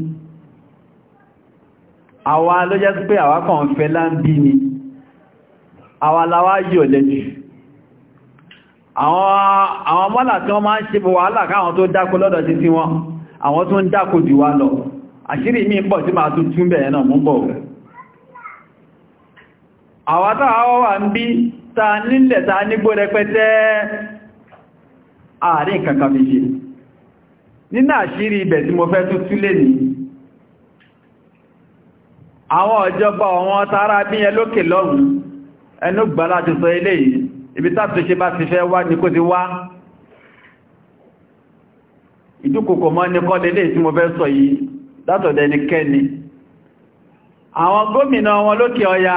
àwa ló jẹ́ sí pé àwa kàn fẹ́ láńbí ni àwa láwá yíò lẹ́jù àwọn mọ́là tí wọ́n máa ń ṣe bọ̀ wàhálà káwọn tó dákó lọ́dọ̀ sí sí wọn àwọn tó ń dákó jù wá lọ àṣírí mi pọ̀ tí máa tún tún bẹ̀ẹ̀ náà mú bọ̀ àwa táwa wà ń bí ta nílẹ̀ ta nígbó rẹpẹtẹ àárín kankan fi ṣe nínú àṣírí ibẹ̀ tí mo fẹ́ tó túlé ní àwọn ọ̀jọba àwọn tààrà bí ẹ lókè lọ́rùn ẹnu gbọ́lá ti sọ ilé yìí ibi tàbí ṣe bá ti fẹ́ wá ní kó ti wá ìdúkòkò mọ́ ní kọ́ tí mo fẹ́ sọ yìí látọ̀dẹ̀ ní kẹ́ni àwọn gómìnà wọn lókè ọya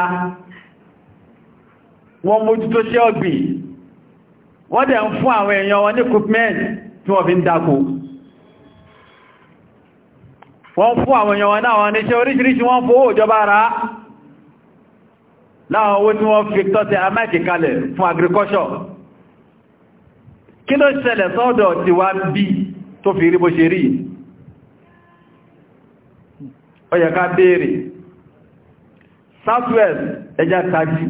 wọn mójú tó ṣe ọ̀gbìn wọ́n dẹ̀ ń fún àwọn èèyàn wọn ní equipment tí wọ́n fi ń dákòó wọ́n fún àwọn èèyàn wọn náà wọn níṣẹ́ oríṣiríṣi wọ́n fowó ìjọba ara láwọn owó tí wọ́n fi tọ́tẹ amẹ́kì kalẹ̀ fún agriculture kí ló ṣẹlẹ̀ sọ́dọ̀ tí wá bí tó fi rí bó ṣe rí ó béèrè southwest ẹja tají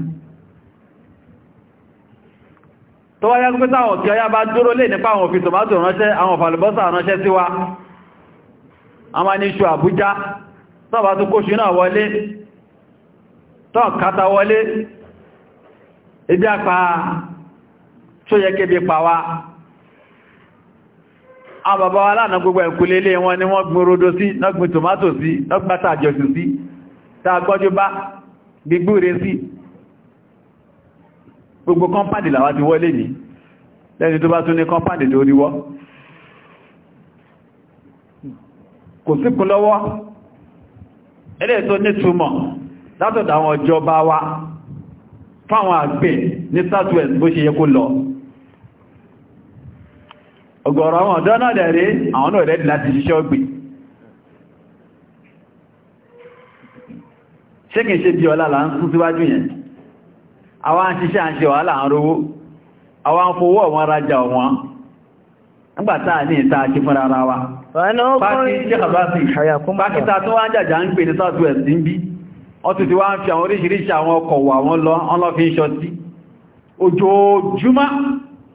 tó wáyé pẹ́ta àwọn tí ọya bá dúró lè nípa àwọn òfin a máa ní ṣù àbújá tọ́bà tó kó ṣù náà wọlé tọ́ kátà wọlé ebi àpá tó yẹ kébi pa wá àwọn bàbá wa lánàá gbogbo ẹ̀kùnlélé wọn ni wọ́n gbin rodo sí nọ́gbin tomato sí nọ́gbàtà àjọsù sí tàà gbọ́jú bá gbígbúre sí gbogbo kọ́mpáàdì làwá ti wọlé ní lẹ́ni tó bá tún ní kọ́mpáàdì lóríwọ́ kò síkùn lọ́wọ́ ẹlẹ́ tó nítumọ̀ látọ̀dọ̀ àwọn ìjọba wa fáwọn àgbẹ̀ ní southwest bó ṣe yẹ kó lọ ọ̀gọ̀rọ̀ àwọn ọ̀dọ́ náà dẹ̀ rí àwọn náà rẹ̀ láti ṣiṣẹ́ ọ̀gbìn ṣé kìí ṣe bí ọlá là ń sún síwájú yẹn àwọn àṣìṣẹ́ àṣẹ wàhálà ń rówó àwọn afowó ọ̀wọ́n rajà ọ̀wọ́n nígbàtà ní ìta ṣe fúnra wa Pákítà tó wá ń jàjà ń pè ní Southwest ń bí, ọtù ti wá ń fi àwọn oríṣiríṣi àwọn ọkọ̀ wà wọ́n lọ, ọlọ́ fi ń ṣọtí. Ojoojúmọ́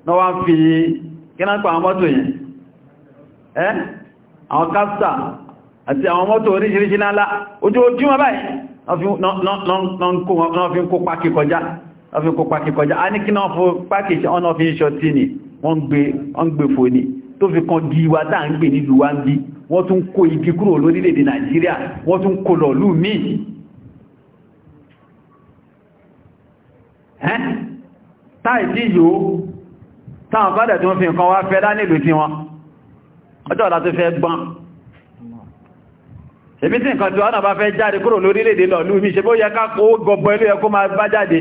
náà wá ń fi kínápa àwọn mọ́tò yẹn. Ẹ́ àwọn kápsà àti àwọn mọ́tò oríṣiríṣi lálá, ojoojúmọ́ báyìí, wọ́n fi ń kó pákí kọjá wọ́n fi ń kó pákí kọjá tó fi kan di wa tá à ń gbè nílùú wa ń bí wọ́n tún kó igi kúrò lórílẹ̀-èdè Nàìjíríà wọ́n tún kó lọ lú míì táìdí yóò táwọn fádà tí wọ́n fi nǹkan wá fẹ́ lánìlùú tí wọn ọjọ́ ọ̀la tó fẹ́ gbọ́n ṣebí tí nǹkan tí wọ́n bá fẹ́ jáde kúrò lórílẹ̀-èdè lọ lú mi ṣe bó yẹ ká kó gọbọ ilé ẹkó máa bá jáde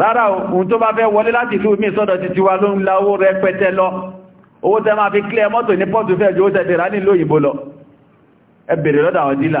rárá ohun tó bá fẹ́ wọlé láti lú mi sọ́dọ̀ ti tiwa ló ń lawó rẹpẹtẹ lọ owó tẹ́ máa fi clear mọ́tò ní pọ́tù fẹ́ jù ó tẹ́ fi rà nílò òyìnbó lọ ẹ bèèrè lọ́dọ̀ àwọn dílà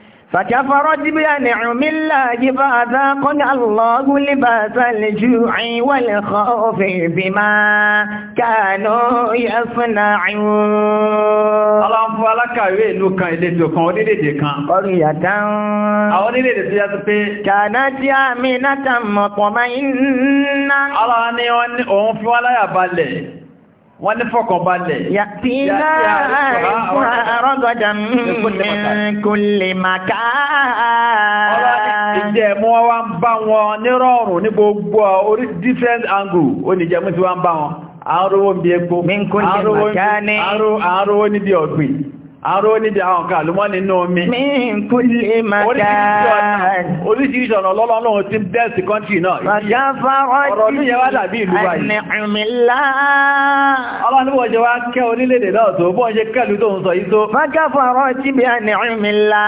فكفر بأنعم الله فأذاقنا الله لباس الجوع والخوف بما كانوا يصنعون Allah fún alákàwé ìlú kan ìletò kan orílẹ̀-èdè kan. Ọ̀rìyàtà ń. Àwọn orílẹ̀-èdè tó yàtọ̀ pé. Kàná tí a mi náà tà mọ̀pọ̀ máa ń ná. Allah ni òun fi wá láyà balẹ̀ wọ́n ní fọkànbalẹ̀. yàtìlá àrọ́gọ́dà kò lè máa ká. ìjẹ́ mú wọn wá ń bá wọn nírọ̀rùn ní gbogbo orí different angle oníjẹ̀mú ti wá ń bá wọn. àárò wọn bí epo àárò wọn níbi ọ̀gbìn àárò níbi àwọn kan àlùmọ́nì inú omi oríṣìíríṣìí ọ̀nà lọ́lọ́lọ́run ti bẹ́ẹ̀sì kọ́ntì náà ọ̀rọ̀ ní yẹ wá dàbí ìlú báyìí ọlọ́nìwọ̀ jẹ wá kẹ́ orílẹ̀-èdè náà tó bọ́ ṣe kẹ́lú tó ń sọ yí tó fọ́gáfọ́rọ̀ tí bí a ní ìmìlá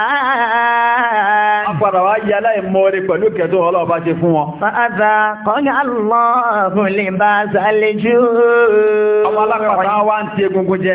apàdàwà yà láì mọ́rí pẹ̀lú kẹtọ́ ọlọ́ọ̀bá ṣe fún wọn fa'adà kọ́gá lọ́ọ̀kùn lè bá sálẹ́jú ọmọ alápàdà wá ń ti egungun jẹ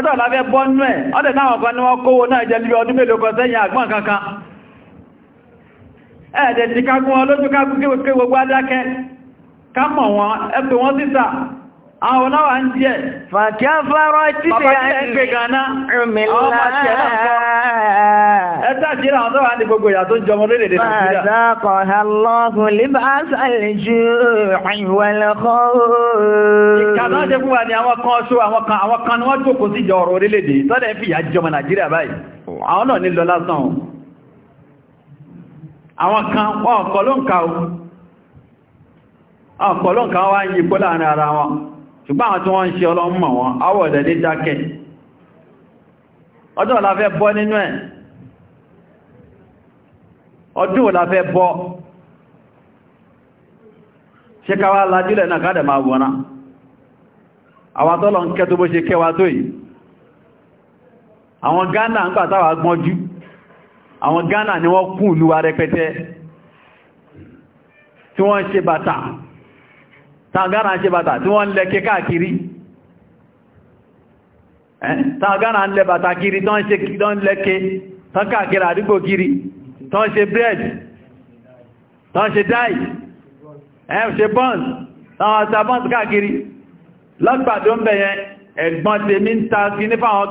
ọdọ̀ lábẹ́ bọ́nú ẹ̀ ọdẹ̀ náà ọ̀kan ni wọ́n kówó náà jẹ́ níbi ọdún mélòó kan sẹ́yìn àgbọn kankan ẹ̀ẹ̀dẹ̀ ti kágún ọlójú kágún kí gbogbo adákẹ́ ká mọ̀ wọn ẹ wọn wọ́n àwọn onáwà ń gana gbogbo wa ní àwọn kan ṣó àwọn kan wọ́n jókòó sí ìjọ ọ̀rọ̀ orílẹ̀-èdè tọ́lẹ̀ fi ìyà jọmọ Nàìjíríà báyìí àwọn náà kan láàrin ara wọn ṣùgbọ́n àwọn tí wọ́n ń ṣe ọlọ́mọ̀ wọn àwọ̀ ìdẹ̀dé dákẹ̀ ọdún ọ̀la fẹ́ bọ́ nínú ẹ̀ ọdún ọ̀la fẹ́ bọ́ ṣe káwà lájúlẹ̀ náà káàdẹ̀ máa wọ́n àwọn ń kẹ́ tó bó ṣe Ghana ni tàgárà ṣe bàtà tí wọ́n lẹ kíkàkiri tàgárà ń lẹ bàtà kiri tán ṣe tán lẹ́kẹ́ tán kàkiri àdúgbò kiri tán ṣe bread tán ṣe dye ṣe buns tán ṣe buns káàkiri lọ́gbàdó ń bẹ̀yẹn ẹ̀gbọ́n ń ta sí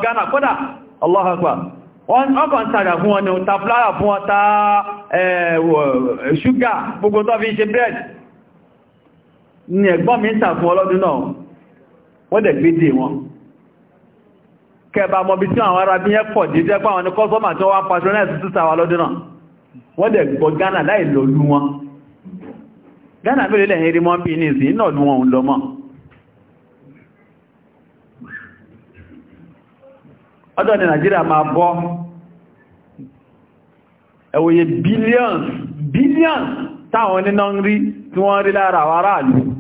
Ghana kódà Allahu Akbar ọkàn tàgà fún wọn ni ta flour fún wọn ta ṣúgà gbogbo tó fi ni ẹ̀gbọ́n mi ń tà fún ọlọ́dún náà wọ́n dẹ̀ gbé dè wọn kẹba mọ̀bí tí àwọn ará bí yẹn pọ̀ jíjẹ́ pàwọn ní kọ́sọ́mà tí wọ́n patronize títà wà lọ́dún náà wọ́n dẹ̀ gbọ́ Ghana láì lọ́lú wọn Ghana mẹ́rẹ̀ lẹ́yìn rí mọ́ bí ní ìsìn náà ní wọn lọ mọ́ billions billions táwọn onínáà ń rí tí wọ́n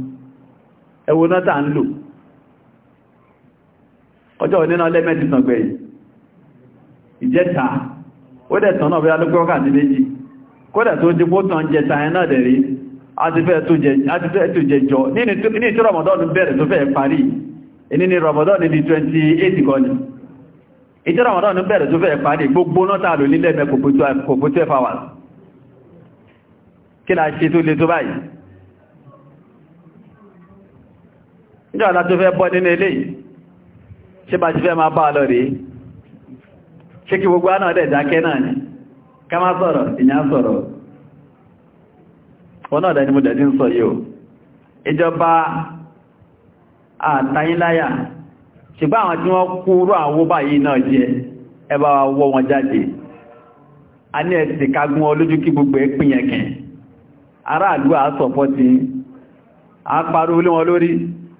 ẹwọ náà ń lò ọjọ́ onínà lẹ́mẹ́tì sàngbẹ̀ ìjẹta ó dẹ̀ tán bí alúgbẹ́ wákàtí méjì kódẹ̀ tó dípò tán jẹta ẹ dẹ̀rí àti tó jẹjọ ní ìtí rọmọdọ́nù bẹ̀rẹ̀ tó fẹ́ parí rọmọdọ́nù di 28 ìtí rọmọdọ́nù bẹ̀rẹ̀ gbogbo náà nílẹ̀ kí la ṣe tó le ní ọ̀lá tó fẹ́ bọ́ nínú ilé ṣe bá ti fẹ́ máa bá lọ rí ṣe kí gbogbo náà dẹ̀ jákẹ́ náà ni ká sọ̀rọ̀ ìyàn sọ̀rọ̀ wọn náà dẹni mo dẹ̀ ti ń sọ yóò ìjọba àtayínláyà ṣùgbọ́n àwọn tí wọ́n a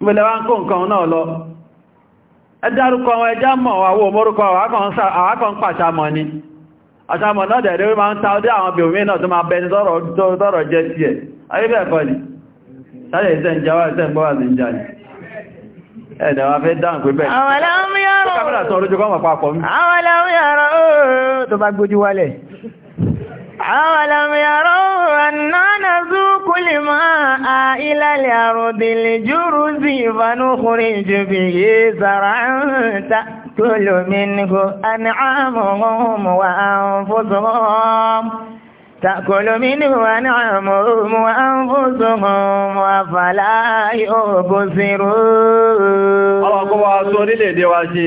ìpele wa e e ń kó nǹkan náà lọ ẹdárúkọ wọn ẹjá mọ̀ àwọ òmórúkọ àwákan pàṣàmọ̀ ni àṣàmọ̀ náà dẹ̀rẹ́ wọ́n ń ta ọdí àwọn bèèrè náà tó máa bẹni tọ́rọ jẹ́ sí ẹ̀ ayébẹ̀ẹ̀kọ́ ni أولم يروا أنا نذوق الماء إلى الأرض الجرز فنخرج به زرعا تأكل منه أنعامهم وأنفسهم تأكل منه أنعامهم وأنفسهم أفلا يبصرون. Ọlọ́gbọ́n wa sọ orílẹ̀-èdè wa ṣe,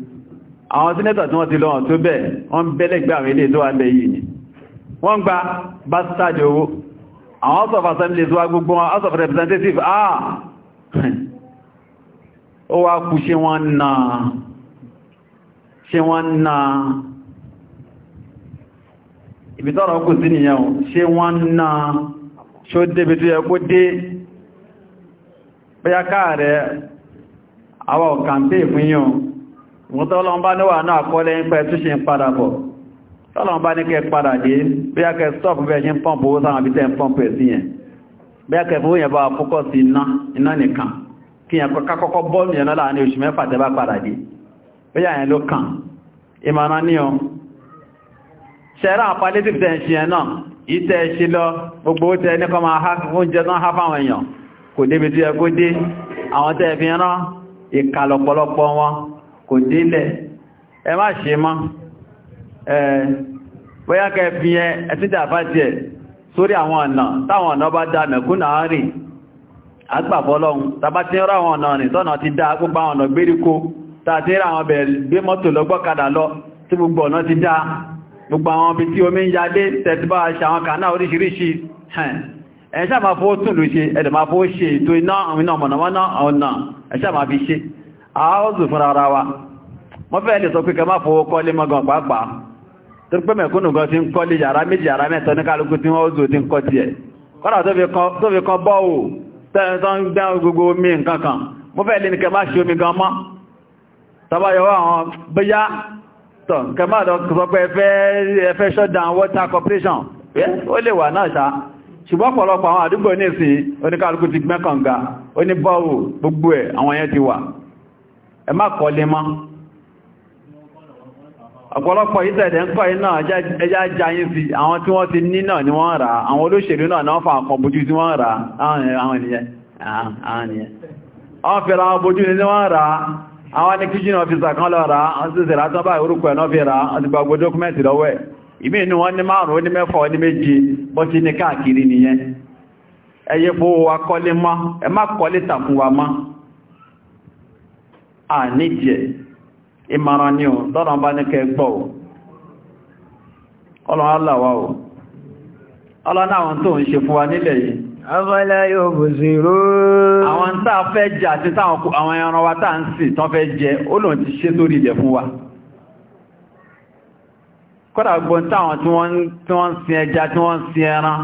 àwọn sínẹ́tọ̀ tí wọ́n ti lọ́wọ́n tó bẹ̀ wọ́n bẹ́lẹ̀gbẹ́ àwọn ilé tó wà lẹ́ yìí ni wọ́n gba bá owó àwọn house assembly tó wá gbogbo wọn house representative ah ó wá kú ṣe wọ́n na ṣe na ibi tọ́rọ kù sí nìyẹn ṣe wọ́n na ṣó débi tó yẹ kó dé bóyá káà rẹ̀ àwọn kàmpé fún yíò mú tọ́lọ́n bá níwà náà kọ́lẹ̀ ń pẹ́ tó ṣe ń padà bọ̀ tọ́lọ́n bá ní kẹ́ padà dé bí a kẹ́ stop bẹ́ẹ̀ ṣe ń pọ́mpù owó sáwọn bí tẹ́ ń pọ́mpù ẹ̀sí yẹn bí a kẹ́ fún yẹn bá fókọ́ sí iná nìkan kí yẹn kakọ́kọ́ bọ́ọ̀lù yẹn a yẹn ló kàn ìmọ̀ràn ní ọ ṣẹ̀rá àpálẹ́tì tẹ́ ń ṣe yẹn náà ìtẹ́ ṣe lọ gbogbo tẹ́ ní ìkàlọ̀pọ̀lọpọ̀ wọn kò délẹ̀ ẹ má ṣe mọ́ bóyá kẹ fi ẹ ẹ̀sídà bá ẹ̀ sórí àwọn ọ̀nà táwọn ọ̀nà bá dá mẹ̀kúnnà rìn agbàfọ́lọ́hun tàbá tí ń rá àwọn ọ̀nà rìn tọ́nà ti dá gbogbo àwọn ọ̀nà gbéríkó àwọn gbé lọ́gbọ́kadà gbogbo àwọn ibi omi àwọn ṣe fi ṣe àáhùzù fún ara wa wọ́n fẹ́ lè sọ pé kẹ má fowó kọ́lé mọ́gàn pàápàá tó pẹ́ mẹ̀kúnnù gan ti ń kọ́lé yàrá méjì yàrá mẹ́ta ní kálukú tí wọ́n zò tí ń kọ́ ti ẹ̀ kọ́nà tó fi kan bọ́ọ̀wò tẹ́ẹ̀tọ́ ń gbẹ́ gbogbo omi nǹkan kan mo fẹ́ water corporation ó lè wà náà ṣá ṣùgbọ́n pọ̀lọpọ̀ àwọn àdúgbò ní ìsìn oníkálukú ti gbẹ́kànga oníbọ́ọ̀wò gbogbo ẹ̀ àwọn yẹn ti wà ẹ má kọ́lé mọ́ ọ̀pọ̀lọpọ̀ ìtẹ̀dẹ̀ ń kọ́ iná ẹjá jayín sí àwọn tí wọ́n ti ní náà ni wọ́n rà àwọn olóṣèlú náà náà fà àkọ̀ bojú tí wọ́n rà àwọn ènìyàn àwọn fẹ́ra àwọn bojú ni wọ́n rà àwọn ní kíjìn ọ̀fíìsà kan lọ rà àwọn sì sẹ̀rà tán bá orúkọ ẹ̀nà fi rà àti gbogbo àníjẹ̀ ìmọ̀ràn ni ò dọ́nà bá ní kẹgbọ́ ò ọlọ́run aláwà ò ọlọ́nà àwọn tó ń ṣe fún wa nílẹ̀ yìí afẹ́lá yóò bù sí rú àwọn tá a fẹ́ jẹ àti àwọn a ń sì tán fẹ́ jẹ ó lòun ti ṣe sórí ilẹ̀ fún wa kọ́dà gbọ́n táwọn tí wọ́n ń sin ẹja tí wọ́n ń sin ẹran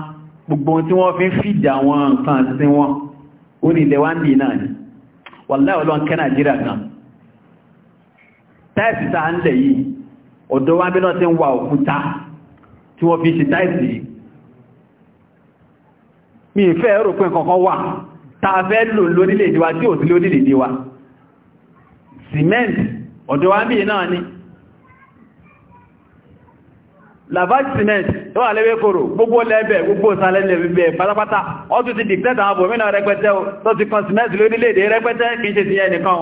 gbogbo tí wọ́n fi ń fìdí àwọn nǹkan sí wọn ó ní ilẹ̀ wá ń náà ni wàláì ọlọ́run kẹ́ nàìjíríà náà táìsì tá ń lẹ̀ yìí ọ̀dọ́ wa bí náà ti ń wa òkúta tí wọ́n fi ṣe táìsì yìí mi ìfẹ́ rò pé kankan wà táa fẹ́ lò lórílẹ̀-èdè tí ò sí lórílẹ̀-èdè cement ọ̀dọ̀ wa bí náà ni lavage cement tó wà lẹ́wẹ́ kòrò gbogbo lẹ́bẹ̀ gbogbo sálẹ́ lẹ́bẹ̀ pátápátá ọdún ti dìkẹ́ta àwọn bòmínà rẹpẹtẹ tó ti kan cement lórílẹ̀-èdè rẹpẹtẹ kìí ṣe ti ẹnìkan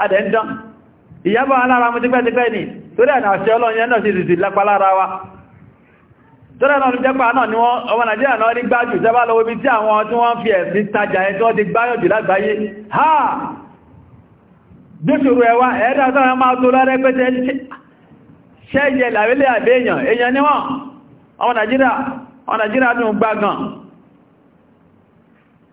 adẹ́ndán ìyábọ̀ alára mú tipẹ́tipẹ́ ni torí ẹ̀nà ọ̀ṣẹ́ ọlọ́yẹn náà sí ìsìsì lápálára wa torí ẹ̀nà olùjẹ́pà náà ni wọ́n ọmọ Nàìjíríà náà rí gbájú bá lọ́wọ́ ibi tí àwọn tí wọ́n fi ẹ̀sìn tajà ẹ̀ ti lágbàáyé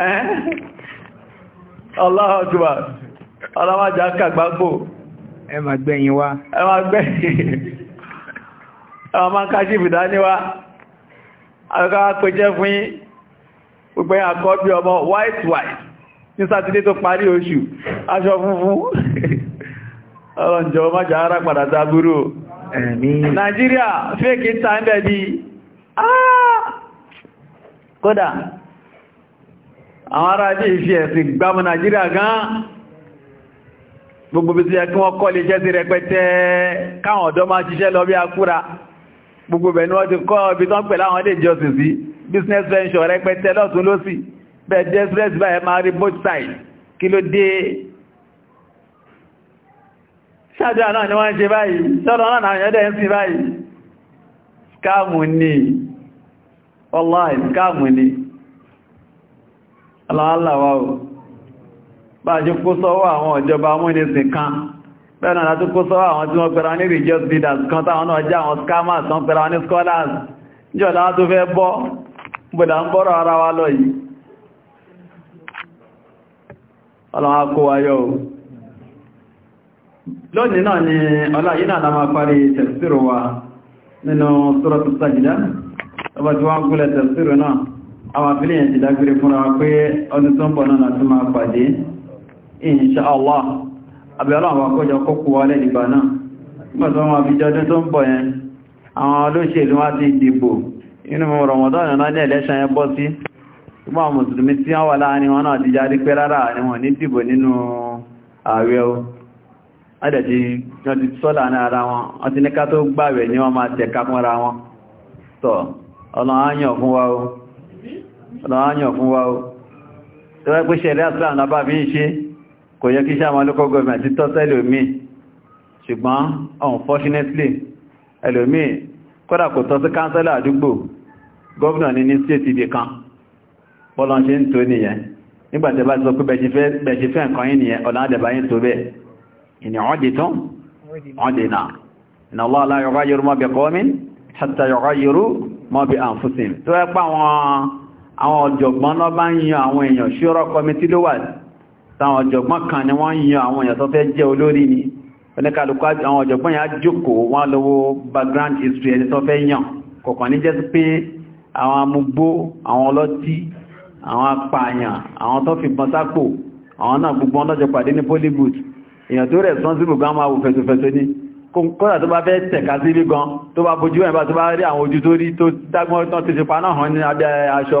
Eh? Allahu Akbar ọlọ́wàjá kàgbàgbò ẹ ma gbẹ̀yìn wá ẹ ma ji wa. níwá àgbàkà pẹ̀jẹ́ fún yí gbogbo yà kọ́ bí ọmọ white white parí oṣù aṣọ funfun ọlọ́njọ́ májá ara padà sábúrú Nàìjíríà fẹ́kì tàbí ah! kódà àwọn ará ajé ìfẹ́ ẹ̀sìn gbámọ́ Nàìjíríà gan gbogbo bí ti yẹ kí lè jẹ́ sí rẹpẹtẹ káwọn ọ̀dọ́ máa ṣiṣẹ́ lọ bí akúra gbogbo bẹ̀ wọ́n ti kọ́ ibi tán àwọn ilé ìjọsìn sí business venture rẹpẹtẹ lọ́tún lọ́sì bẹ́ẹ̀ desperate báyẹ̀ máa aláwọ̀ bá ṣe kó sọ́wọ́ àwọn ìjọba amúnisìn kan bẹ́ẹ̀ náà tó kó sọ́wọ́ àwọn tí wọ́n pẹ̀rọ ní religious leaders kan táwọn náà já àwọn scammers tán pẹ̀rọ ní scholars jọ́lá tó fẹ́ bọ́ gbọ́dá ń bọ́rọ̀ ara wa lọ yìí ọlọ́wọ́ kó wáyọ́ lónìí náà ni ọlá yìí náà máa parí tafsir wa nínú Suratul Sajdah àwọn abílẹ̀ yẹn ti dágbére fúnra pé ọdún tó ń bọ̀ náà tó máa pàdé insha Allah abẹ́lọ́ àwọn akọ́jọ kókò wà lẹ́dìgbà náà nígbàtí wọ́n máa náà ti ti sọ́là ní ara wọn ní ká tó ni wọ́n máa tẹ̀ka fúnra láàáyàn fún wa o tó wẹ́ pé ṣẹlẹ̀ islam lábá fi ń ṣe kò yẹ kí sáàmà lókọ́ gọ́ọ̀mẹ̀ntì tọ́sẹ́lò mi ṣùgbọ́n unfortunately ẹlòmí kọ́dà kò tọ́sí káńsẹ́lá àdúgbò gọ́ọ̀nà ní ní state ibi kan bọ́lọ́n ṣe ń tó nìyẹn nígbàtẹ̀ bá sọ pé bẹ̀ṣẹ̀ fẹ́ nǹkan yìí nìyẹn ọ̀nà àdẹ̀bà yìí tó bẹ́ẹ̀ ìní ọdí tán ọdí Allah la yughayyiru ma bi qawmin hatta yughayyiru ma bi tó ẹ pàwọn àwọn ọ̀jọ̀gbọ́n lọ bá ń yan àwọn èèyàn ṣúrọ́ kọmití ló wà táwọn ọ̀jọ̀gbọ́n kan ni wọ́n yan àwọn èèyàn tó fẹ́ jẹ́ olórí ni oníkàlùkù àwọn ọ̀jọ̀gbọ́n yà jókòó wọ́n lọ́wọ́ background history ẹni tó fẹ́ yàn kọ̀kan ní jẹ́ pé àwọn amúgbó àwọn ọlọ́tí àwọn apààyàn àwọn tó fi bọ́n sápò àwọn náà gbogbo ọlọ́jọ pàdé ní polywood èèyàn tó rẹ̀ sán sí gbogbo àwọn awòfẹ́tofẹ́tó ní kọ́dà tó bá fẹ́ tẹ̀ka sí bí gan tó bá bojú ẹ̀ bá tó bá rí àwọn ojú tó rí tó dágbọ́n tán ti ṣe paná hàn ní abẹ́ aṣọ